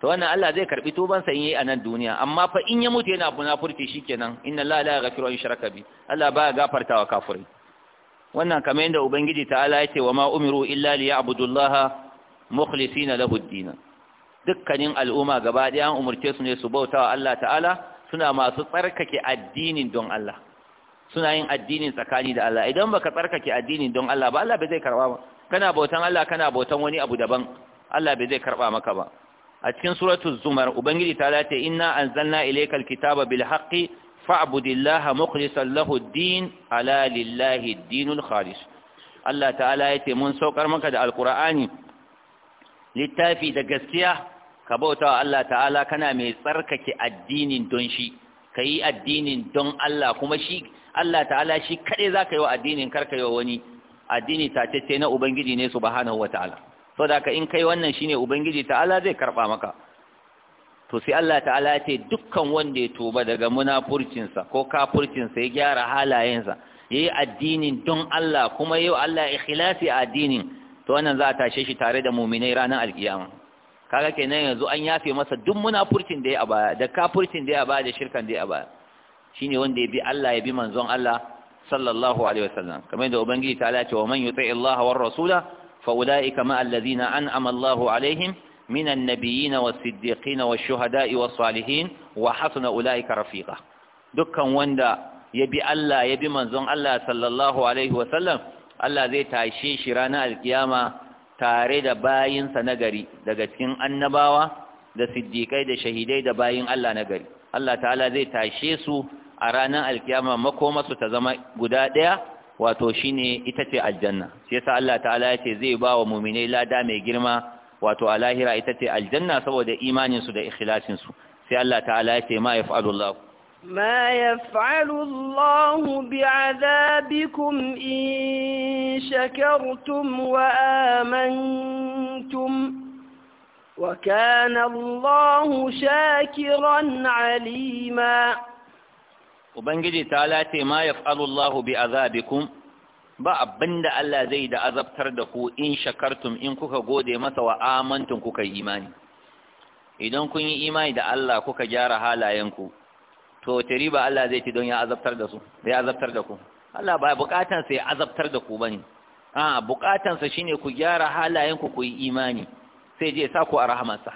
to wannan Allah zai karbi tubansa in yayi a nan duniya amma fa in ya mutu yana munafurci shikenan inna Allah la yaghfiru an yushraka bi Allah baya gafartawa kafirai wannan kamar yadda ubangiji ta'ala ya ce wa ma umiru illa liya'budullaha mukhlisina lahu ad-din dukkanin al'umma gaba daya an umurce su ne su bautawa Allah ta'ala suna masu tsarkake addinin don Allah suna yin addinin tsakani da Allah idan baka tsarkake addinin don Allah ba Allah bai zai karba ba kana bautan Allah kana bautan wani abu daban Allah bai zai karba maka ba a cikin suratul zumar ubangiji ta lati inna anzalna ilaykal kitaba bil haqqi fa'budillaha mukhlishan lahu ad-din ala lillahi ad-dinul khalis Allah ta'ala yace mun saukar maka da alqur'ani littafi da gaskiya ka bautawa Allah ta'ala kana mai tsarkake addinin don shi ka yi addinin don Allah kuma shi Allah ta'ala shi kaɗai za ka yi wa addinin karka yi wa wani addini tatacce na Ubangiji ne su wa ta'ala. da ka in kai wannan shine ubangiji ta'ala zai karba maka to sai Allah ta'ala ya ce dukkan wanda ya tuba daga munafurcinsa ko kafurcinsa ya gyara halayensa yayi addinin don Allah kuma yau Allah ikhlasi a addinin to wannan za a tashe shi tare da muminai ranar alkiyama kaga kenan yanzu an yafe masa duk munafurcin da ya baya da kafurcin da ya baya da shirkan da ya baya shine wanda ya bi Allah ya bi manzon Allah sallallahu alaihi wasallam kamar da ubangiji ya ce wa man yuti Allah war rasula فأولئك مع الذين أنعم الله عليهم من النبيين والصديقين والشهداء والصالحين وحسن أولئك رفيقا دكا وندا يبي الله يبي منزون الله صلى الله عليه وسلم الله زي تعيشي شرانا القيامة تاريد باين سنغري دقتين النباوة da siddiƙai da shahidai da bayin Allah na gari Allah ta'ala zai tashe su a ranar alkiyama makomarsu ta zama guda ɗaya wato shine ita ce aljanna shi yasa Allah ta'ala yace zai ba wa mu'minai lada mai girma wato a lahira ita ce aljanna saboda imanin su da ikhlasin sai Allah ta'ala yace ma yaf'alu Allah ma yaf'alu Allah azabikun. in shakartum wa amantum وكان الله شاكرا عليما ubangiji ta lace ma ya Allahu bi azabikum ba abinda Allah zai da azabtar da ku in shakartum in kuka gode masa wa amantun kuka yi imani idan kun yi imani da Allah kuka gyara halayenku to tari ba Allah zai ci don ya azabtar da su ya azabtar da ku Allah ba bukatansa ya azabtar da ku ne. a bukatansa shi shine ku gyara halayenku ku yi imani sai je sa ku a rahamarsa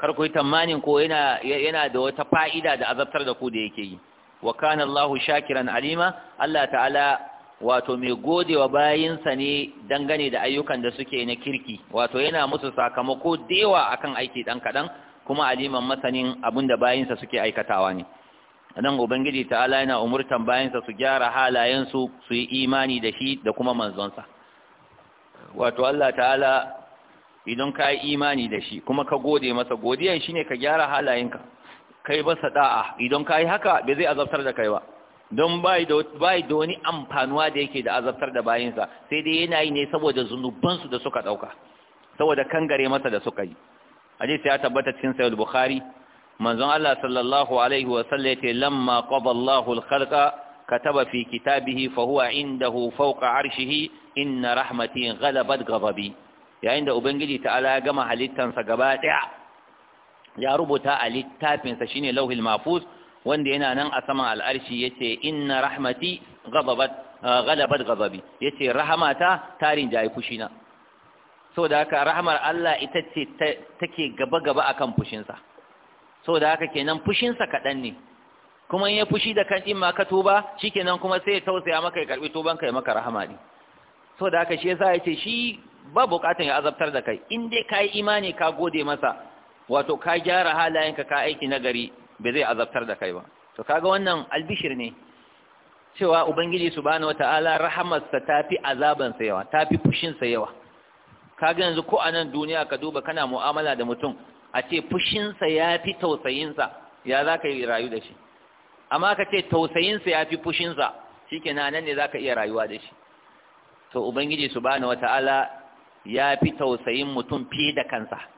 kar ku yi tamanin ko yana yana da wata fa'ida da azabtar da ku da yake yi wa kana Allahu shakiran alima Allah ta'ala wato mai godewa bayinsa ne dangane da ayyukan da suke na kirki wato yana musu sakamako dewa akan aiki dan kadan kuma aliman masanin abinda bayinsa suke aikatawa ne nan ubangiji ta'ala yana umurtan bayinsa su gyara halayensu su yi imani da shi da kuma manzonsa wato Allah ta'ala idan ka yi imani da shi kuma ka gode masa godiyan shine ka gyara halayenka kai ba da'a idan ka yi haka bai zai azabtar da kai ba don bai da wani amfanuwa da yake da azabtar da bayansa sai dai yana yi ne saboda zunubansu da suka ɗauka saboda kangare masa da suka yi hadisi ya tabbata cikin sahih bukhari manzon Allah sallallahu alaihi wa sallam lamma qada Allahu al kataba fi kitabihi fa huwa indahu fawqa arshihi inna rahmati ghalabat ghadabi yayin da ubangiji ta'ala ya gama halittansa gaba daya ya rubuta a littafinsa shine lauhil mafus wanda yana nan a saman al'arshi yace ina rahmati galabat ah, gazabi ya yace rahamata tarin jayi so da haka rahamar Allah ita ce take gaba gaba akan fushinsa da haka kenan fushinsa kaɗan ne kuma ya fushi da kan din ma ka tuba nan kuma sai ya tausaya maka ya karɓi tuban ka ya maka rahama ne da haka shi ya ya ce shi ba bukatan ya azabtar da kai in dai yi imani ka gode masa wato ka gyara halayenka ka aiki nagari bai zai azabtar da kai ba to kaga wannan albishir ne cewa ubangiji subhanahu wataala rahamarsa tafi sa yawa tafi fushinsa yawa kaga yanzu ko a nan duniya ka duba kana mu'amala da mutum a ce fushinsa ya fi tausayinsa ya za ka yi rayu da shi amma ka ce tausayinsa ya fi fushinsa shi ke nan ne za ka iya rayuwa da shi to ubangiji subhanahu wataala ya fi tausayin mutum fiye da kansa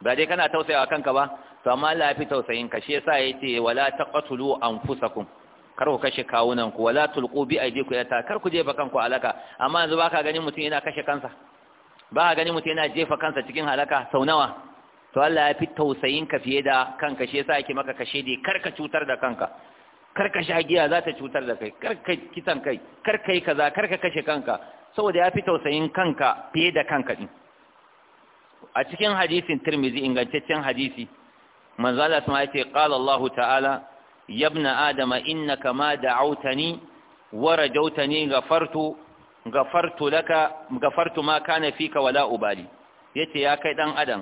ba dai kana tausayawa kanka ba to amma Allah ya fi tausayin ka shi yasa yace wala taqtulu anfusakum kar ku kashe kawunan ku wala tulqu bi aydikum ta kar ku jefa kanku alaka amma yanzu baka ganin mutum yana kashe kansa ba ka ganin mutum yana jefa kansa cikin halaka sau nawa to Allah ya fi tausayin ka fiye da kanka shi yasa yake maka kashe dai kar ka cutar da kanka kar ka sha giya za ta cutar da kai kar ka kitan kai kar ka yi kaza kar ka kashe kanka saboda ya fi tausayin kanka fiye da kanka din a cikin hadisin tirmizi ingantaccen hadisi manzo Allah sama yace qala Allah ta'ala yabna adama innaka ma da'awtani wa rajawtani ghafartu ghafartu laka ghafartu ma kana fika wala ubali yace ya kai dan adam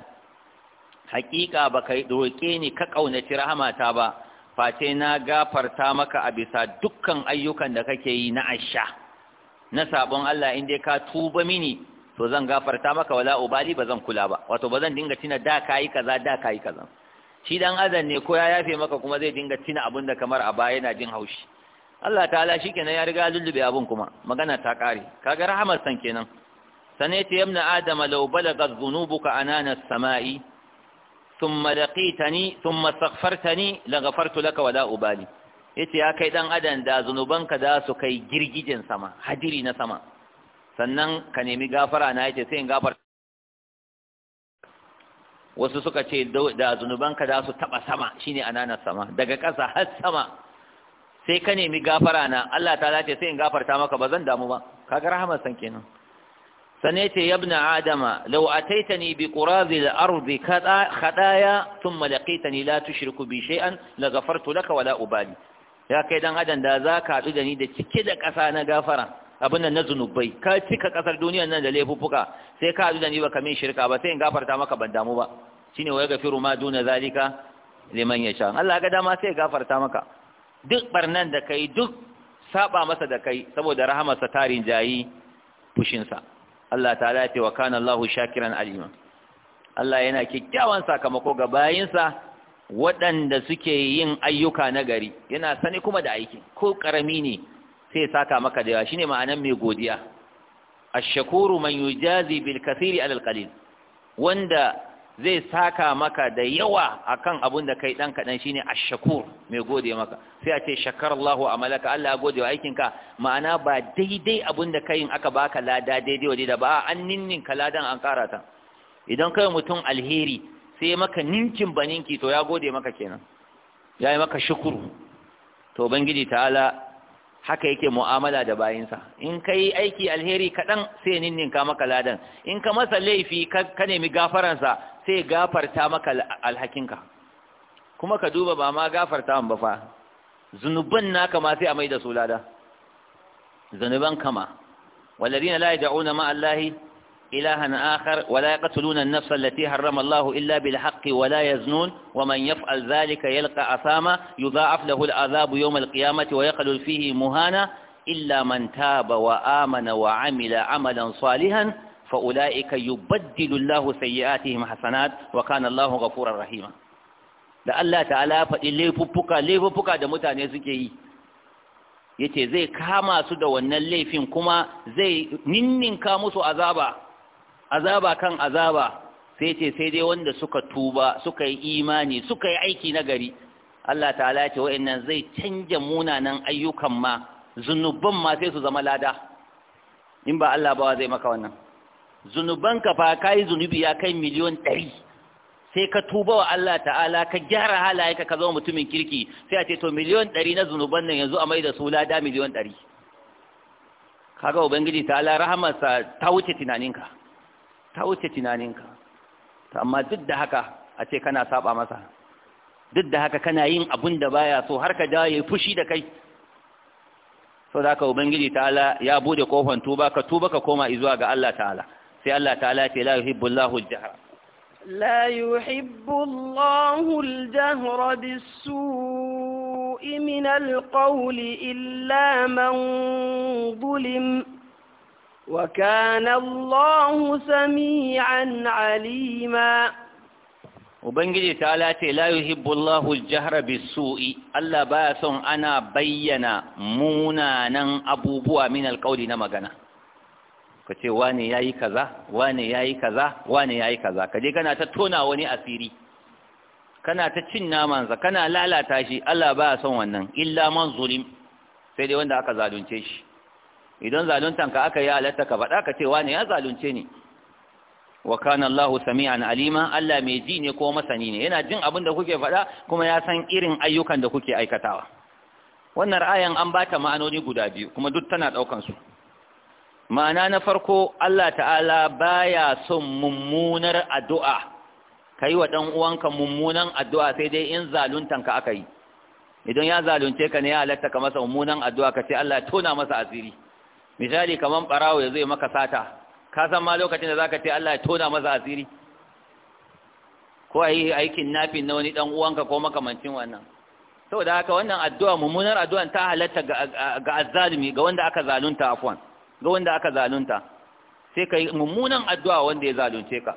hakika baka roke ni ka kaunaci rahmata ba face na gafarta maka a bisa dukkan ayyukan da kake yi na asha na sabon Allah inda ka tuba mini to zan gafarta maka wala ubali ba zan kula ba wato ba zan dinga tina da kayi kaza da kayi kaza shi dan azan ne ko ya yafe maka kuma zai dinga tina abin da kamar a baya yana jin haushi Allah ta'ala kenan ya riga lullube abin kuma magana ta kare kaga rahamar san kenan sane ta yamna adama law balaga dhunubuka anana as-sama'i thumma laqitani thumma saghfartani laghfartu laka wala ubali yace ya kai dan adam da zunubanka da su kai girgijen sama hadiri na sama sannan ka nemi gafara na yace sai in gafar wasu suka ce da zunubanka za su taba sama shine anana sama daga ƙasa har sama sai ka nemi gafara na Allah ta ce sai in gafarta maka ba zan damu ba kaga rahamar san kenan sanne ce yabna adama law ataitani bi qurazil ardi khadaya thumma laqitani la tushriku bi shay'an la ghafartu laka wala ubali ya kai dan adam da zaka haɗu da ni da cike da ƙasa na gafara abin nan na zunubai ka cika kasar duniya nan da laifuffuka sai ka haɗu da ni ba min shirka ba sai in gafarta maka ban damu ba shine wa yaghfiru ma duna zalika liman yasha Allah ga dama sai gafarta maka duk barnan da kai duk saba masa da kai saboda rahamarsa tarin jayi fushinsa Allah ta'ala ya ce wa kana Allahu shakiran alima Allah yana kikkiawan sakamako ga bayinsa waɗanda suke yin ayyuka na gari yana sani kuma da aiki ko karami ne sai saka maka da yawa shine ma'anan mai godiya ash-shakuru man yujazi bil kathiri al qalil wanda zai saka maka da yawa akan abun da kai dan kadan shine ash-shakur mai gode maka sai a ce shakarallahu amalaka Allah ya gode wa aikinka ma'ana ba daidai abun da kai aka baka lada daidai waje da ba an ninnin ka ladan an kara ta idan kai mutum alheri sai maka ninkin baninki to ya gode maka kenan yayi maka shukuru to bangiji ta'ala haka yake mu'amala da bayinsa in ka yi aiki alheri kaɗan sai ninninka maka ladan in ka masa laifi ka nemi gafaransa sai gafarta maka alhakinka kuma ka duba ba ma gafarta ba fa zunuban naka ma sai a mai da su lada zunuban kama والذين لا يدعون مع إلها آخر ولا يقتلون النفس التي حرم الله إلا بالحق ولا يزنون ومن يفعل ذلك يلقى أثاما يضاعف له العذاب يوم القيامة ويخلل فيه مهانا إلا من تاب وآمن وعمل عملا صالحا فأولئك يبدل الله سيئاتهم حسنات وكان الله غفورا رحيما da Allah ta'ala faɗi laifuffuka laifuffuka da mutane suke yi yace zai kama su da wannan laifin kuma zai ninninka musu azaba azaba kan azaba sai ce sai dai wanda suka tuba suka yi imani suka yi aiki na gari Allah ta'ala ya ce wa'annan zai canja munanan ayyukan ma zunuban ma sai su zama lada in ba Allah ba zai maka wannan zunuban ka fa kai zunubi ya kai miliyon 100 sai ka tuba wa Allah ta'ala ka gyara halayenka ka zama mutumin kirki sai a ce to miliyon ɗari na zunuban nan yanzu a mai da su lada miliyon ɗari kaga ubangiji ta'ala rahamarsa ta wuce tunaninka ta wuce tunaninka amma duk da haka a ce kana saba masa duk da haka kana yin abun da baya so har ka ja yayi fushi da kai so da ka ubangiji ta'ala ya bude kofan tuba ka tuba ka koma zuwa ga Allah ta'ala sai Allah ta'ala ce la yuhibbu Allahu al-jahra la yuhibbu Allahu al-jahra bis-su'i min al-qawli illa man zulima وكان Ubangiji ta عليما وبنجي تعالى لا يحب Allah الجهر son ana bayyana munanan abubuwa min أبوبوا na magana. Ka ce wane ya yi kaza wane ya yi kaza wane ya yi kaza Ka je kana ta tona wani asiri kana ta cin namansa kana lalata shi Allah baya son wannan illa man zulim sai dai wanda aka zalunce shi idan zaluntan ka aka yi halatta ka faɗa ka ce ne ya zalunce ni wa kana Allahu sami'an alima Allah mai ji ne ko masani ne yana jin abin da kuke faɗa kuma ya san irin ayyukan da kuke aikatawa wannan ra'ayan an ba ta ma'anoni guda biyu kuma duk tana ɗaukan su ma'ana na farko Allah ta'ala baya son mummunar addu'a kai wa dan uwanka mummunan addu'a sai dai in zaluntan ka aka yi idan ya zalunce ka ne ya halatta ka masa mummunan addu'a ka ce Allah tona masa asiri misali kaman barawo ya zai maka sata ka san ma lokacin da zaka ce Allah ya tona maza asiri ko ayi aikin nafin na wani dan uwanka ko makamancin wannan saboda haka wannan addu'a mummunar addu'a ta halatta ga azzalimi ga wanda aka zalunta afwan ga wanda aka zalunta sai kai mummunan addu'a wanda ya zalunce ka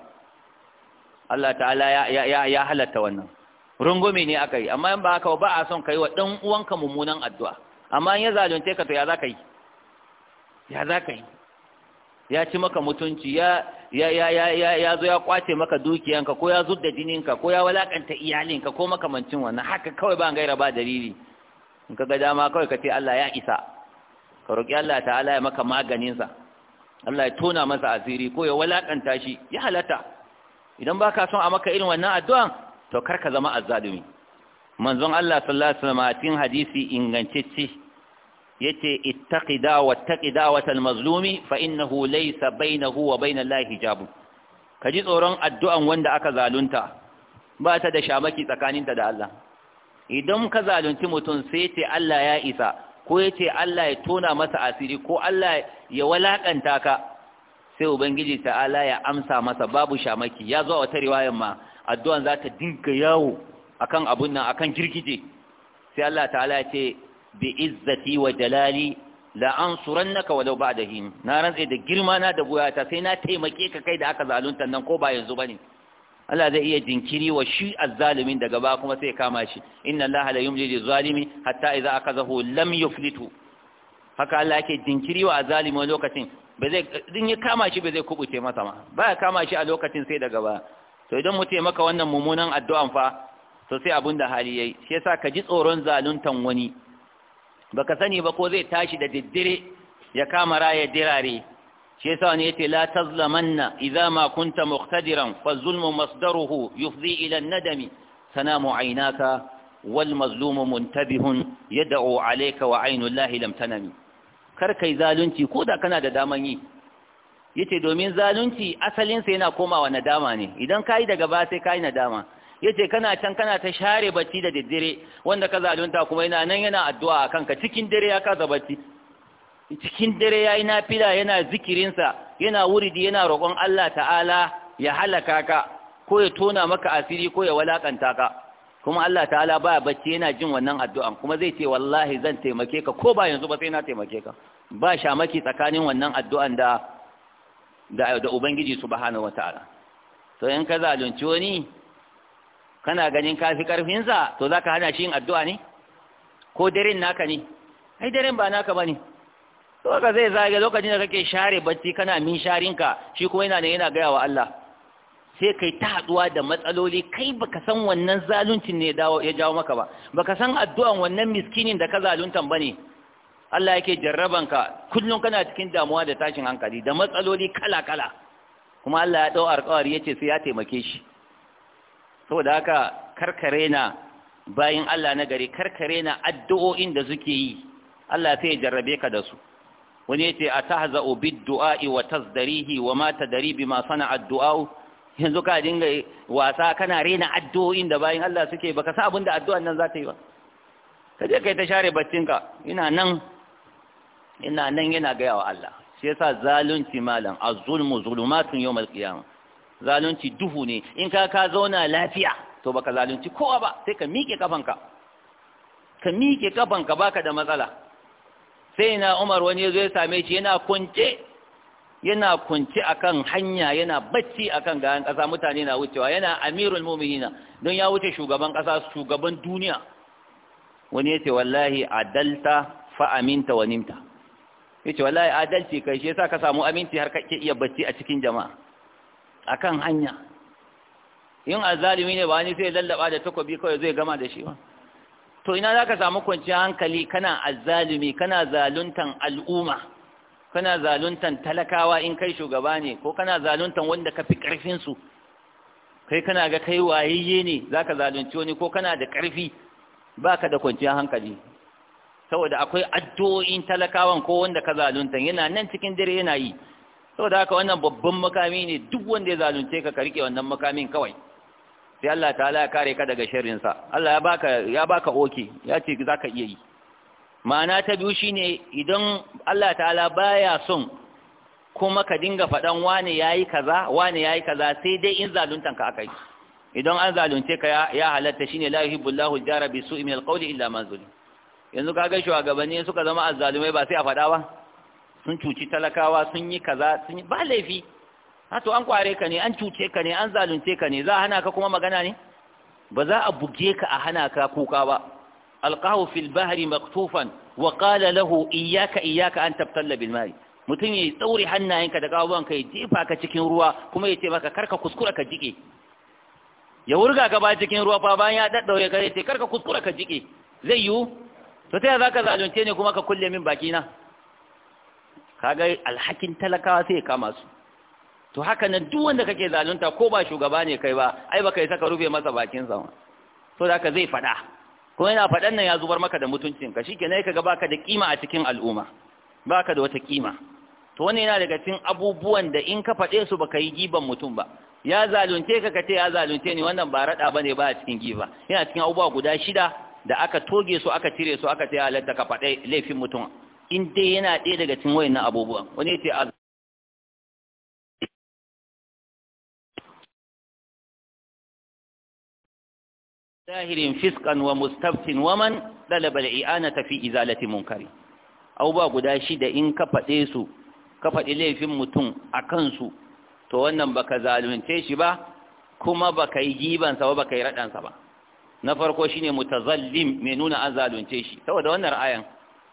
Allah ta'ala ya ya ya halatta wannan rungume ne aka yi amma in ba haka ba a son kai wa dan uwanka mummunan addu'a amma in ya zalunce ka to ya za ka yi ya za ka yi ya ci maka mutunci ya ya zo ya kwace maka dukiyanka ko ya zudda jininka ko ya walakanta iyalinka ko makamancin wannan haka kawai ba gaira ba dalili in ka ga dama kawai ka ce Allah ya isa ka roki Allah ta'ala ya maka maganin Allah ya tona masa asiri ko ya walakanta shi ya halata idan baka son a maka irin wannan addu'an to kar ka zama azzalumi manzon Allah sallallahu alaihi wasallam a cikin hadisi ingantacce yace ittaqi dawa taqi dawatal mazlumi fa innahu laysa bainahu wa bainal lahi Ka ji tsoron addu'an wanda aka zalunta ba ta da shamaki tsakaninta da Allah idan ka zalunci mutum sai ce Allah ya isa ko yace Allah ya tona masa asiri ko Allah ya walakanta ka sai ubangiji ta'ala ya amsa masa babu shamaki ya zo wata riwaya ma addu'an za ta dinga yawo akan abun nan akan girgije sai Allah ta'ala ya ce bi'izzati wa jalali la ansurannaka walau ba'da hin na rantsa da girma na da ta sai na taimake ka kai da aka zalunta nan ko ba yanzu bane Allah zai iya jinkiri wa shi azzalimin daga ba kuma sai kama shi inna Allah la yumli lil zalimi hatta idza akazahu lam yuflitu haka Allah yake jinkiri wa azzalimi wani lokacin ba zai din ya kama shi ba zai kubuce masa ma ba ya kama shi a lokacin sai daga ba to idan mu taimaka maka wannan mummunan addu'an fa to sai abin da hali yayi shi yasa ka ji tsoron zaluntan wani Ba ka sani ba ko zai tashi da diddire ya kama raya dirare shi yasa ne yace la tazlamanna idza ma kunta muqtadiran fa zulmu masdaruhu yufzi ila nadami sanamu aynaka wal mazlumu muntabihun yad'u alayka wa aynu llahi lam tanami kar kai zalunci ko da kana da daman yi yace domin zalunci asalin sa yana komawa nadama ne idan kai daga ba sai kai nadama ya ce kana can kana ta share bacci da daddare wanda ka zalunta kuma yana nan yana addu'a a kanka cikin dare ya kaza bacci cikin dare ya yi nafila yana zikirinsa yana wuridi yana roƙon Allah ta'ala ya halaka ka ko ya tona maka asiri ko ya walakanta ka kuma Allah ta'ala ba bacci yana jin wannan addu'an kuma zai ce wallahi zan taimake ka ko ba yanzu ba sai na taimake ka ba shamaki tsakanin wannan addu'an da da, da Ubangiji subhanahu wata'ala to in ka zalunci wani kana ganin kafi karfinsa to za ka hana shi yin addu'a ne ko daren naka ne ai daren ba naka ba ne to ka zai zage lokacin da kake share bacci kana min sharinka shi kuma yana ne yana gaya wa Allah sai kai ta haduwa da matsaloli kai baka san wannan zaluncin ne ya jawo maka ba baka san addu'an wannan miskinin da ka zaluntan ne. Allah yake jarrabanka kullum kana cikin damuwa da tashin hankali da matsaloli kala kala kuma Allah ya dau alƙawari ce sai ya taimake shi saboda haka karkare na bayin Allah na gari karkare na addu'o'in da suke yi Allah sai ya jarrabe ka da su wani yace haza bid-du'a'i wa tasdarihi wa mata dari bi masu na addu’a’u yanzu ka dinga wasa kana rena addu'o'in da bayin Allah suke ba ka sa da addu'an nan za ta yi ba Ka ka kai ta share baccinka ina nan ina nan yana gaya wa Allah shi yasa zalunci malam az-zulmu zulumatun yawm qiyamah zalunci duhu ne in ka ka zauna lafiya to baka zalunci kowa ba sai ka miƙe kafanka ka miƙe kafanka baka da matsala sai na Umar wani yazo ya same shi yana kunce yana kunce akan hanya yana bacci akan gayan ƙasa mutane na wucewa yana amirul mu'minina don ya wuce shugaban ƙasa shugaban duniya wani yace wallahi adalta fa aminta wa nimta yace wallahi adalci kai shi yasa ka samu aminci har kake iya bacci a cikin jama'a A kan hanya yin azalimi ne ba ni sai lallaba da takobi kawai zai gama da shi ba to ina zaka samu kwanciyar hankali kana azalimi kana zaluntan al'umma kana zaluntan talakawa in kai shugaba ne ko kana zaluntan wanda kafi karfin su kai kana ga kai wayayye ne zaka zalunci wani ko kana da karfi baka da kwanciyar hankali saboda akwai addu'o'in talakawan ko wanda ka zaluntan yana nan cikin dare yana yi saboda haka wannan babban makami ne duk wanda ya zalunce ka ka rike wannan makamin kawai sai Allah ta'ala ya kare ka daga sharrin sa Allah ya baka ya baka oke ya ce za ka iya yi ma'ana ta biyu shine idan Allah ta'ala baya son kuma ka dinga faɗan wane yayi kaza wane yayi kaza sai dai in zaluntan ka akai idan an zalunce ka ya halatta shine la yuhibbullahu jara bi su'i min alqawli illa man zulim yanzu kaga shugabanni suka zama azzalumai ba sai a faɗa ba sun cuci talakawa sun yi kaza sun yi ba laifi to an kware ka ne an cuce ka ne an zalunce ka ne za a hana ka kuma magana ne ba za a buge ka a hana ka kuka ba alqahu fil bahri maqtufan wa qala lahu iyyaka iyyaka an tabtalla bil mali mutum ya tsauri hannayenka da gawan ka ya jefa ka cikin ruwa kuma ya ce maka karka kuskura ka jike ya wurga ka ba cikin ruwa fa bayan ya daddaure ka ya ce karka kuskura ka jike zai yiwu to ta za ka zalunce ne kuma ka kulle min bakina kaga alhakin talakawa sai ya kama su to haka nan duk wanda kake zalunta ko ba shugaba ne kai ba ai baka isa ka rufe masa bakin sa so da zai fada Ko yana fadan nan ya zubar maka da mutuncin ka shikenan kaga baka da kima a cikin al'umma baka da wata kima to wannan yana daga cikin abubuwan da in ka fade su baka yi giban mutum ba ya zalunce ka kace ya zalunce ni wannan ba rada bane ba a cikin giba yana cikin abubuwa guda shida da aka toge su aka cire su aka ce halatta ka fade laifin mutum in dai yana ɗaya daga cikin wayannan abubuwan wani yace a zahirin fiskan wa mustaftin waman dalaba al'anata fi izalati munkari ba guda shida in ka faɗe su ka faɗi laifin mutum a kansu to wannan baka zalunce shi ba kuma baka yi gibansa ba baka yi raɗansa ba na farko shine mutazallim mai nuna an zalunce shi saboda wannan ra'ayan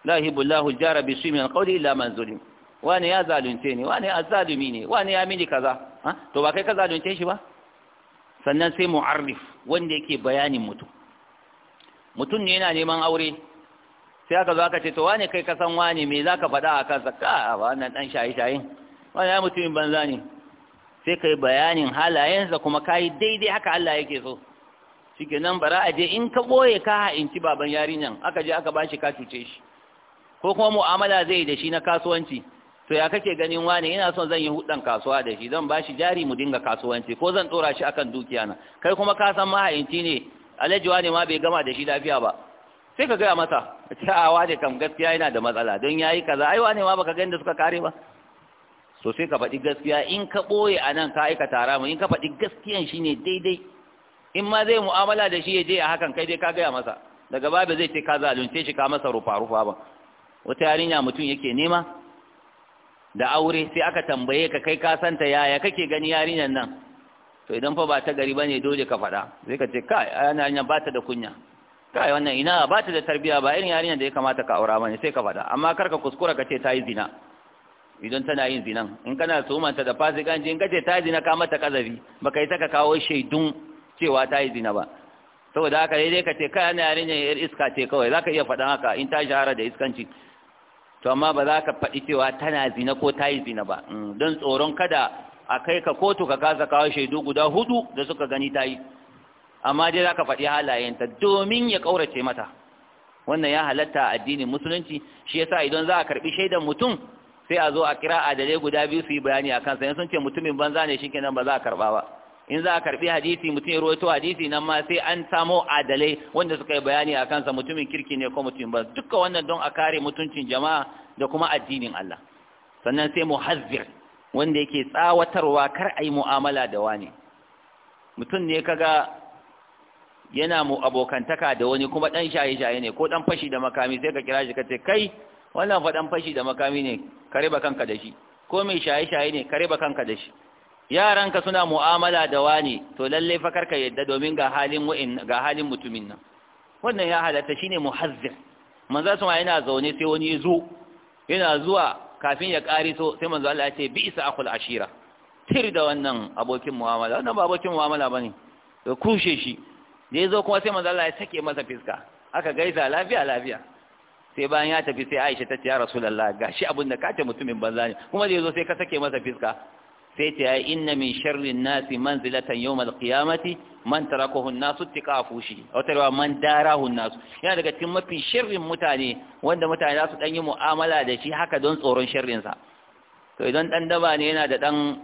la yuhibbullahu al-jara bi su'in min al-qawli illa man zulim wani ya zalunce ne wani zalumi ne wani ya mini kaza to ba kai ka zalunce shi ba sannan sai mu'arrif wanda yake bayanin mutum mutum ne yana neman aure sai aka zo aka ce to wani kai ka san wani me zaka faɗa a kansa ka wannan dan shaye-shaye wani ya mutumin banza ne sai kai bayanin halayensa kuma yi daidai haka Allah yake so shikenan bara a je in ka boye ka ha'inci baban yarinyan aka je aka bashi ka cuce shi ko kuma mu'amala zai da shi na kasuwanci to ya kake ganin wani ina son zan yi hudan kasuwa da shi zan ba shi jari mu dinga kasuwanci ko zan tsora shi akan dukiya na kai kuma ka san mahayinci ne alhaji wani ma bai gama da shi lafiya ba sai ka gaya masa a ne kam gaskiya yana da matsala don ya yi kaza ai wani ma baka gani da suka kare ba so sai ka faɗi gaskiya in ka ɓoye a nan ka aikata haramun in ka faɗi gaskiyan shi daidai in ma zai mu'amala da shi ya je a hakan kai dai ka gaya masa daga babu zai ce ka zalunce shi ka masa rufa-rufa ba wata yarinya mutum yake nema da aure sai aka tambaye ka kai ka santa yaya kake gani yarinyar nan to idan fa ba ta gari bane dole ka faɗa sai ka ce kai yarinya ba ta da kunya kai wannan ina ba ta da tarbiya ba irin yarinyar da ya kamata ka aura ne sai ka faɗa amma kar ka kuskura ka ce ta yi zina idan tana yin zinan in kana tuhumanta da fasikanci in ka ce ta yi zina ka mata kazabi baka yi ta ka kawo shaidun cewa ta yi zina ba saboda haka dai ka ce kai ana yarinyar iska ce kawai zaka iya faɗan haka in ta shahara da iskanci to amma ba za ka faɗi cewa tana zina ko ta yi zina ba mm, don tsoron kada a kai ka kotu ka kasa kawo shaidu guda hudu da suka gani ta yi amma dai za ka faɗi halayenta domin ya ƙaurace mata wannan ya halatta addinin musulunci shi yasa idan za a karɓi shaidan mutum sai a zo a kira adalai guda biyu su yi bayani a kansa sun ce mutumin banza ne shi kenan ba za a karɓa ba in za a karbi hadisi mutum ya rawaito hadisi nan ma sai an samo adalai wanda suka yi bayani a kansa mutumin kirki ne ko mutumin ba duka wannan don a kare mutuncin jama'a da kuma addinin Allah sannan sai muhazzir wanda yake tsawatarwa kar a yi mu'amala da wani mutum ne kaga yana mu abokantaka da wani kuma dan shaye-shaye ne ko dan fashi da makami sai ka kira shi ka ce kai wannan fa dan fashi da makami ne kare ba kanka da shi ko mai shaye-shaye ne kare ba kanka da shi yaranka suna mu'amala da wani to lalle fa ka yadda domin ga halin wa'in ga halin mutumin nan wannan ya halatta shine muhazzir manzo sun yana zaune sai wani yazo yana zuwa kafin ya kariso sai manzo Allah ya ce bi isa akul ashira tir da wannan abokin mu'amala wannan ba abokin mu'amala bane ya kushe shi da yazo kuma sai manzo Allah ya sake masa fiska aka gaisa lafiya lafiya sai bayan ya tafi sai Aisha ta ce ya Rasulullah gashi abin da ka ce mutumin banza ne kuma da yazo sai ka sake masa fiska sai ta yi inna min sharrin nasi manzilatan yawmal qiyamati man tarakahu an-nasu tiqafu shi wata rawa man darahu nasu yana daga cikin mafi sharrin mutane wanda mutane za su dan yi mu'amala da shi haka don tsoron sharrin sa to idan dan daba ne yana da dan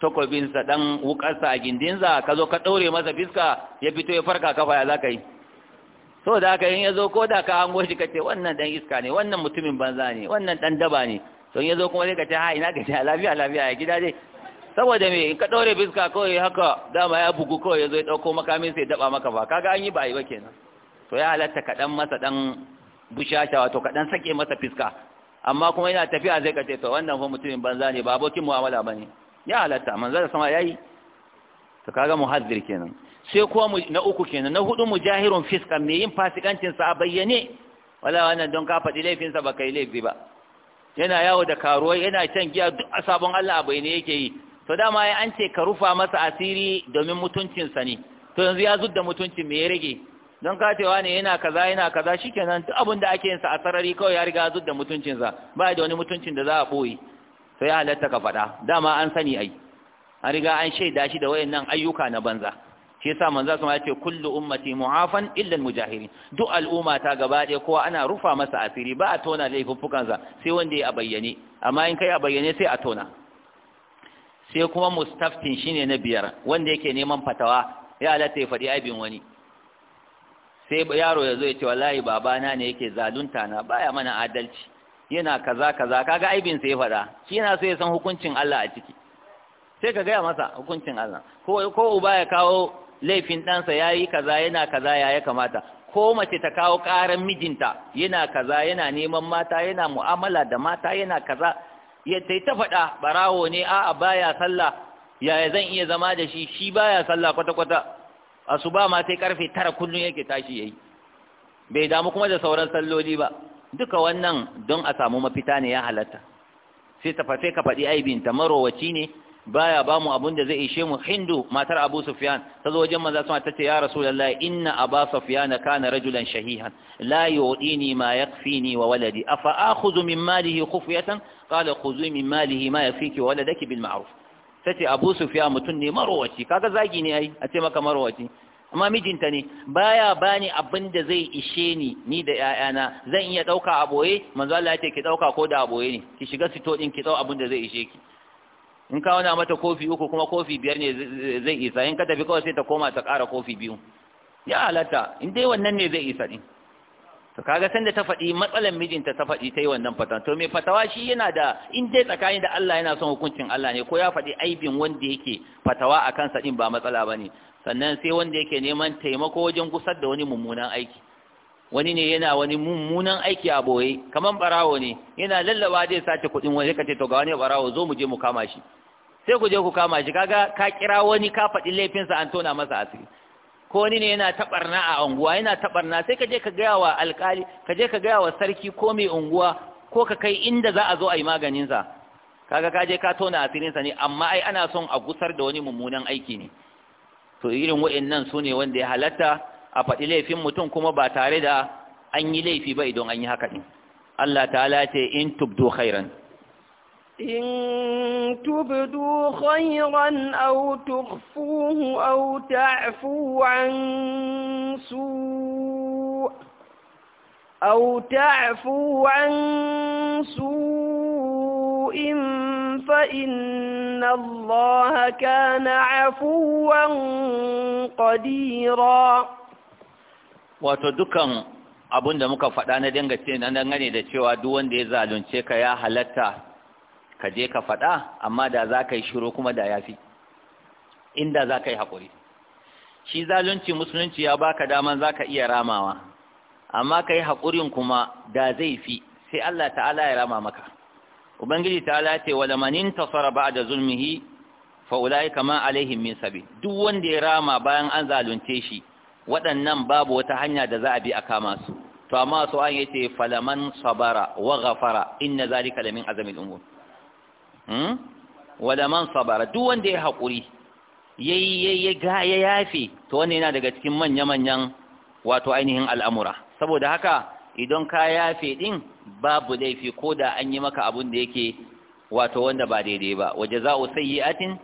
takobin sa dan wukar sa a gindin sa ka zo ka daure masa fiska ya fito ya farka kafa ya zaka yi so da haka yin ya zo ko da ka hango shi kace wannan dan iska ne wannan mutumin banza ne wannan dan daba ne to ya zo kuma zai ka ce ha ina ka ce lafiya lafiya ya gida dai saboda me in ka ɗaure fiska kawai haka dama ya bugu kawai ya zo ya ɗauko makamin sai daɓa maka ba kaga an yi ba yi ba kenan to ya halatta kaɗan masa ɗan bushasha wato kaɗan sake masa fiska amma kuma yana tafiya zai ka ce to wannan fa mutumin banza ne ba abokin mu'amala ba ne ya halatta da sama ya yi to kaga muhazzir kenan sai kuwa na uku kenan na hudu mujahirun fiskan me yin fasikancin sa a bayyane wala wannan don ka faɗi laifinsa ba kai laifi ba yana yawo da karuwai yana can giya duk a sabon Allah bai ne yake yi to dama ya an ce ka rufa masa asiri domin mutuncinsa ne to yanzu ya zudda mutuncin me ya rage don cewa ne yana kaza yana kaza shikenan duk abin da ake yinsa a sarari kawai ya riga zudda mutuncinsa ba da wani mutuncin da za a boye ya halatta ka faɗa dama an sani ai an riga an shaida shi da wayannan ayyuka na banza shi yasa manzo kuma yace kullu ummati mu'afan illa al-mujahirin duk al'umma ta gaba ɗaya kowa ana rufa masa asiri ba a tona ifuffukansa, sai wanda ya bayyane amma in kai a bayyane sai a tona sai kuma mustaftin shine na biyar wanda yake neman fatawa ya halatta ya faɗi aibin wani sai yaro ya zo ya ce wallahi babana ne yake zalunta na baya mana adalci yana kaza kaza kaga aibin sai ya faɗa shi yana so ya san hukuncin Allah a ciki sai ka gaya masa hukuncin Allah ko ko uba ya kawo laifin ɗansa ya yi kaza yana kaza ya ya kamata ko mace ta kawo ƙarar mijinta yana kaza yana neman mata yana mu'amala da mata yana kaza ya ta ta faɗa ɓarawo ne a'a baya sallah yaya zan iya zama da shi shi baya sallah kwata-kwata A su ba ma sai karfe tara kullum yake tashi ya yi. bai damu kuma da sauran salloli ba duka wannan don a samu mafita ne ya halatta sai ta fafe ka faɗi aibinta marowaci ne baya ba mu abin da zai ishe mu hindu matar abu Sufiyan. ta zo wajen manzo sama tace ya rasulullahi inna aba sufyan kana rajulan shahihan la yu'dini ma yakfini wa waladi afa akhudhu min malihi khufyatan qala khudhu min malihi ma yakfiki wa waladaki bil ma'ruf tace abu Sufiyan mutun ne marwaci kaga zagi ne ai a ce maka marwaci amma mijinta ne baya bani abin da zai ishe ni ni da ƴaƴana zan iya dauka a boye manzo Allah ya ce ki dauka ko da a ne ki shiga sito din ki dau abin da zai ishe ki in ka wani mata kofi uku kuma kofi biyar ne zai isa in ka tafi kawai sai ta koma ta kara kofi biyu ya halatta in dai wannan ne zai isa din to kaga sanda ta faɗi matsalan mijinta ta faɗi ta yi wannan fatan to mai fatawa shi yana da in dai tsakani da Allah yana son hukuncin Allah ne ko ya faɗi aibin wanda yake fatawa a kansa din ba matsala ba ne? sannan sai wanda yake neman taimako wajen gusar da wani mummunan aiki wani ne yana wani mummunan aiki a boye kamar barawo ne yana lallaba zai sace kuɗin wani kace to ga wani barawo zo mu je mu kama shi sai ku je ku kama shi kaga ka kira wani ka faɗi sa an tona masa asiri ko wani ne yana taɓarna a unguwa yana taɓarna sai ka je ka gaya wa alƙali ka je ka gaya wa sarki ko mai unguwa ko ka kai inda za a zo a yi sa kaga ka je ka tona asirinsa ne amma ai ana son a gusar da wani mummunan aiki ne to irin wa'annan su ne wanda ya halatta a faɗi laifin mutum kuma ba tare da an yi laifi ba idan an yi haka ɗin Allah ta'ala ce in tubdu khairan إن تبدوا خيرا أو تخفوه أو تعفو عن أو تعفو عن سوء فإن الله كان عفوا wato dukan abun da muka faɗa na dinga ce na dangane da cewa duk wanda ya zalunce ka ya halatta ka je ka faɗa amma da za ka yi shiro kuma da yafi inda za ka yi haƙuri shi zalunci musulunci ya baka daman za ka iya ramawa amma ka yi haƙurin kuma da zai fi sai Allah ta'ala ya rama maka ubangiji ta'ala ce wa lamanin tasara ba'da zulmihi fa ulai kama alaihim min sabi duk wanda ya rama bayan an zalunce shi waɗannan babu wata hanya da za a bi a kama su to amma su an ce falaman sabara wa ghafara inna zalika lamin azamil umur hmm sabara duk wanda ya hakuri yayi yayi ga ya yafi to wannan yana daga cikin manya manyan wato ainihin al'amura saboda haka idan ka yafe din babu laifi ko da an yi maka abun da yake wato wanda ba daidai ba waje za sayyi'atin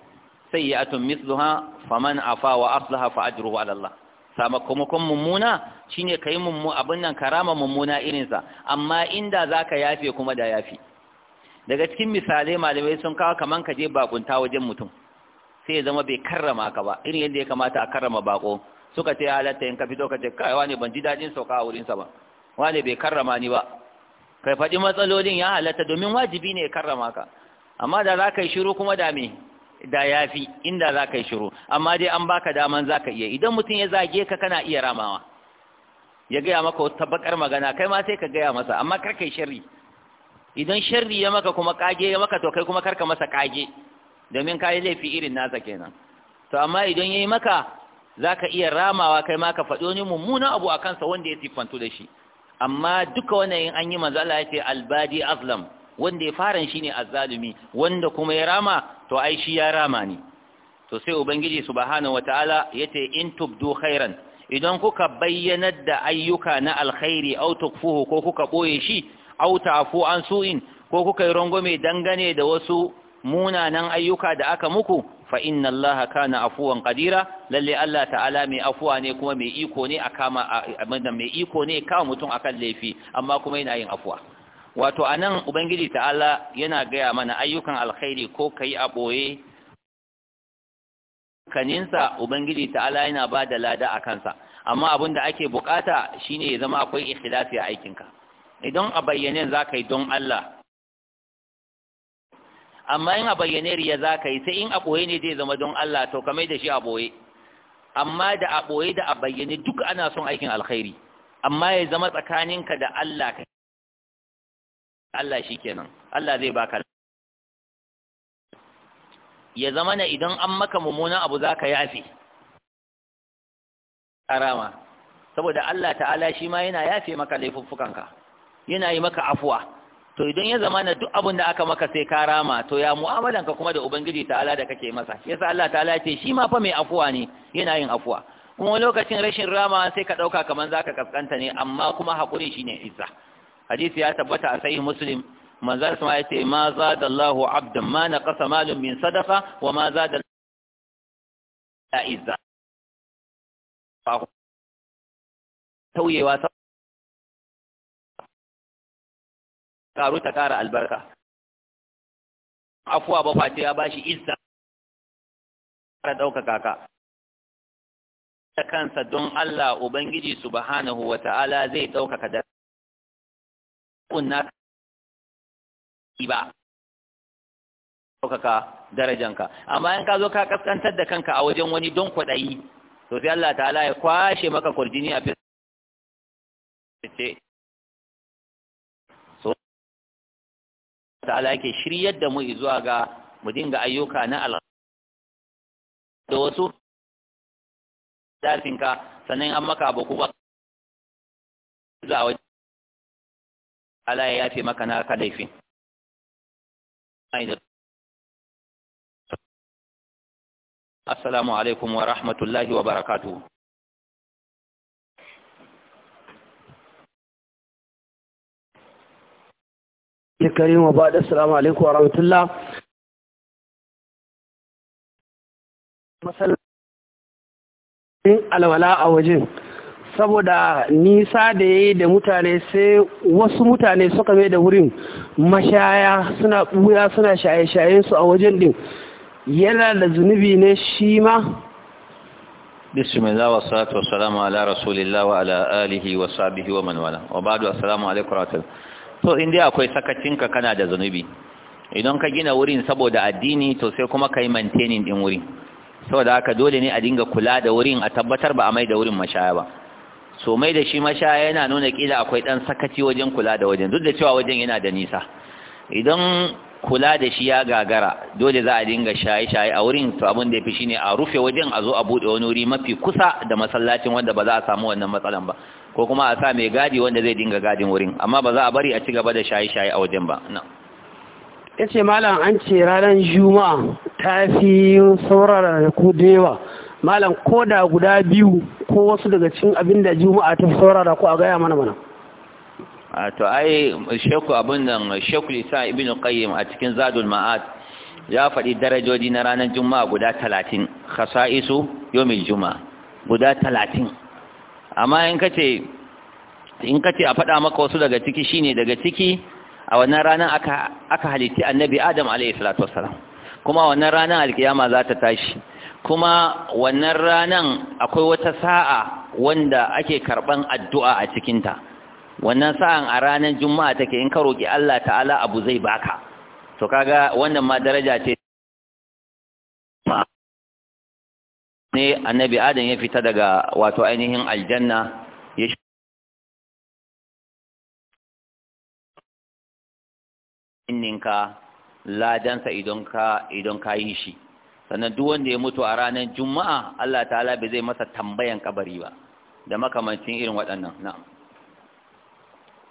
sayyi'atun mithluha faman afa wa aslaha fa ajruhu ala Allah sakamakon mummuna shine kai mummu abin nan karama mummuna irinsa amma inda zaka yafe kuma da yafi daga cikin misalai malamai sun kawo kamar ka je bakunta wajen mutum sai ya zama bai karrama ka ba irin yadda ya kamata a karrama bako suka ce halatta in ka fito ka kai wani ban ji dadin sauka a wurinsa ba wani bai karrama ni ba kai faɗi matsalolin ya halatta domin wajibi ne ya karrama ka amma da za ka yi shiru kuma da me da ya fi inda za ka yi shiru amma dai an baka daman za ka iya idan mutum ya zage ka kana iya ramawa ya gaya maka wata tabbakar magana kai ma sai ka gaya masa amma kar yi shirri idan shirri ya maka kuma kage ya maka to kai kuma karka masa kage domin ka yi laifi irin nasa kenan to amma idan ya yi maka za ka iya ramawa kai ma ka faɗo ni mummuna abu a kansa wanda ya siffantu da shi amma duka wannan in an yi Allah ya ce albadi azlam wanda ya fara shine azzalimi wanda kuma ya rama to ai shi ya rama ne to sai ubangiji subhanahu wataala yace in tubdu khairan idan kuka bayyanar da ayyuka na alkhairi aw tukfuhu ko kuka boye shi aw ta'fu an su'in ko kuka yi rangwame dangane da wasu munanan ayyuka da aka muku fa inna Allah kana afuwan qadira lalle Allah ta'ala mai afuwa ne kuma mai iko ne a kama mai iko ne mutum akan laifi amma kuma yana yin afuwa wato anan ubangiji ta'ala yana gaya mana ayyukan alkhairi ko yi a ɓoye. kaninsa ubangiji ta'ala yana ba da lada a kansa amma abin da ake bukata shine ya zama akwai ikhlasi a aikinka idan a bayyane za ka yi don Allah amma in a bayyane riya za ka yi sai in a ɓoye ne zai zama don Allah to mai da shi a ɓoye amma da a ɓoye da a bayyane duk ana son aikin alkhairi amma ya zama tsakaninka da Allah ka Allah shi kenan Allah zai baka ya zama na idan an maka mummunan abu za ka yafe karama saboda Allah ta'ala shi ma yana yafe maka laifuffukanka yana yi maka afuwa to idan ya zama na duk abin da aka maka sai ka rama to ya mu'amalanka kuma da ubangiji ta'ala da kake masa yasa Allah ta'ala ce shi ma fa mai afuwa ne yana yin afuwa kuma lokacin rashin rama sai ka ɗauka kamar za ka kaskanta ne amma kuma haƙuri shi ne isa hadisi ya tabbata a sahih muslim manzo sama ya ce ma zada Allahu abdan ma naqasa malun min sadaqa wa ma zada la izza tauyewa ta karu ta kara albarka afuwa ba face ya bashi izza kara dauka kaka ta kansa don Allah Ubangiji subhanahu wataala zai dauka da haƙƙun na ba ɗaukaka darajanka amma in ka zo ka kaskantar da kanka a wajen wani don kwaɗayi to sai Allah ta'ala ya kwashe maka kurjini a fice so ta'ala yake shiryar da mu zuwa ga mu dinga ayyuka na al da wasu dafinka sannan an maka ba ku ba za a wajen ala ya yafe maka na ka laifin assalamu alaikum wa rahmatullahi wa barakatuhu الكريم وبعد السلام عليكم ورحمة الله مثلا الولاء وجه saboda nisa da ya yi da mutane sai wasu mutane suka mai da wurin mashaya suna ɓuya suna shaye-shayen su a wajen ɗin yana da zunubi ne shi ma bismillah wa salatu wa salamu ala rasulillah wa ala alihi wa sabihi wa manwala wala wa ba'du assalamu alaikum wa to in dai akwai sakacinka kana da zunubi idan ka gina wurin saboda addini to sai kuma ka yi maintaining din wurin saboda haka dole ne a dinga kula da wurin a tabbatar ba a mai da wurin mashaya ba so mai da shi mashaya yana nuna kila akwai dan sakaci wajen kula da wajen duk da cewa wajen yana da nisa idan kula da shi ya gagara dole za a dinga shaye-shaye a wurin to abin da ya fi shi ne a rufe wajen a zo a buɗe wani wuri mafi kusa da masallacin wanda ba za a samu wannan matsalan ba ko kuma a sa mai gadi wanda zai dinga gadin wurin amma ba za a bari a ci gaba da shaye-shaye a wajen ba na ya ce malam an ce ranar juma'a ta fi saurara da ku da malam ko da guda biyu ko wasu daga cikin abin da juma'a ta saurara ko a gaya mana mana a to ai sheku abin nan sheku isa ibn qayyim a cikin zadul ma'ad ya faɗi darajoji na ranar juma'a guda talatin khasa'isu yomil juma'a guda talatin amma in ka in a faɗa maka wasu daga ciki shine daga ciki a wannan ranar aka aka halitti annabi adam alayhi salatu wassalam kuma wannan ranar alkiyama za ta tashi kuma wannan ranan akwai wata sa'a wanda ake karban addu'a a cikinta wannan sa'an a ranar juma'a take in ka roƙi Allah ta'ala abu zai baka to kaga wannan ma daraja ce ne annabi adam ya fita daga wato ainihin aljanna ya inninka ladansa idan ka idan ka yi shi sannan duk wanda ya mutu a ranar juma'a Allah ta'ala bai zai masa tambayan kabari ba da makamancin irin waɗannan na'am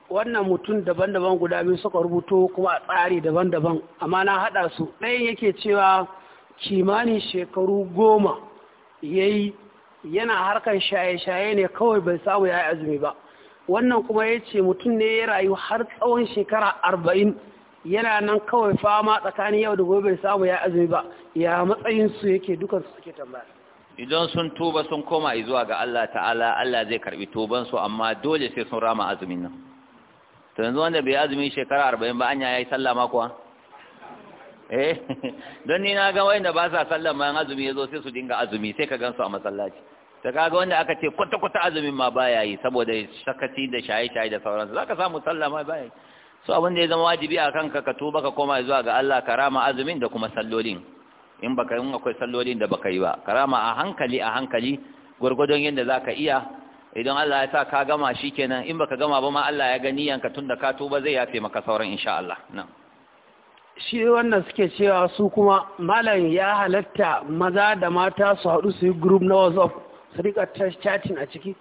wannan mutum daban-daban guda biyu suka rubuto kuma a tsari daban-daban amma na haɗa su ɗayan yake cewa kimanin shekaru goma ya yi yana harkar shaye-shaye ne kawai bai samu ya yi azumi ba wannan kuma ya ce mutum ne ya rayu har tsawon shekara arba'in yana nan kawai fama tsakanin yau da gobe samu ya azumi ba ya matsayinsu yake dukansu suke tambaya idan sun tuba sun koma zuwa ga Allah ta'ala Allah zai karbi tubansu amma dole sai sun rama azumin nan to yanzu wanda bai azumi shekara arba'in ba anya ya yi sallah ma kuwa eh don ni na ga wanda ba sa sallah ma azumi yazo sai su dinga azumi sai ka gansu a masallaci ta kaga wanda aka ce kwata-kwata azumin ma ba yi saboda sakaci da shaye-shaye da sauransu za ka samu sallah ma ba yi so abin da ya zama wajibi a kanka ka tuba ka koma zuwa ga Allah karama azumin da kuma sallolin in baka in akwai sallolin da baka yi ba karama a hankali a hankali gurgudun yadda zaka iya idan Allah ya sa ka gama shi kenan. in baka gama ba ma Allah ya gani yanka, tunda ka tuba zai yafe maka sauran insha Allah nan shi wannan suke cewa su kuma malam ya halatta maza da mata su haɗu su yi group na WhatsApp su rika chatting a ciki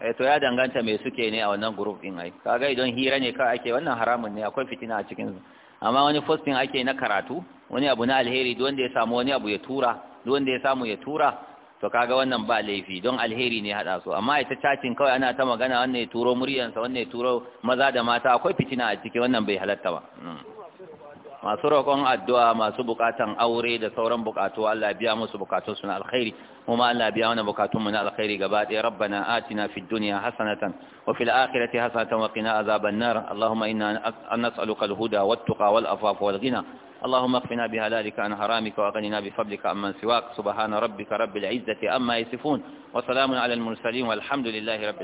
eh to ya danganta me suke ne a wannan group din ai kaga idan hira ne kawai ake wannan haramun ne akwai fitina a cikin su amma wani posting ake na karatu wani abu na alheri duk wanda ya samu wani abu ya tura duk wanda ya samu ya tura to kaga wannan ba laifi don alheri ne hada su amma ita cacin kawai ana ta magana wannan ya turo muryansa wannan ya turo maza da mata akwai fitina a ciki wannan bai halatta ba hmm. masu roƙon addu'a masu buƙatan aure da sauran buƙatu Allah biya musu buƙatun suna alkhairi kuma Allah biya mana buƙatun mu na alkhairi gaba ɗaya rabbana atina fi dunya hasanatan wa fil akhirati hasanatan wa qina azaban nar allahumma inna nas'aluka al-huda wat tuqa wal afafa wal ghina اللهم اكفنا بهلالك عن حرامك وغننا بفضلك عمن سواك سبحان ربك رب العزة أما يصفون وسلام على المرسلين والحمد لله رب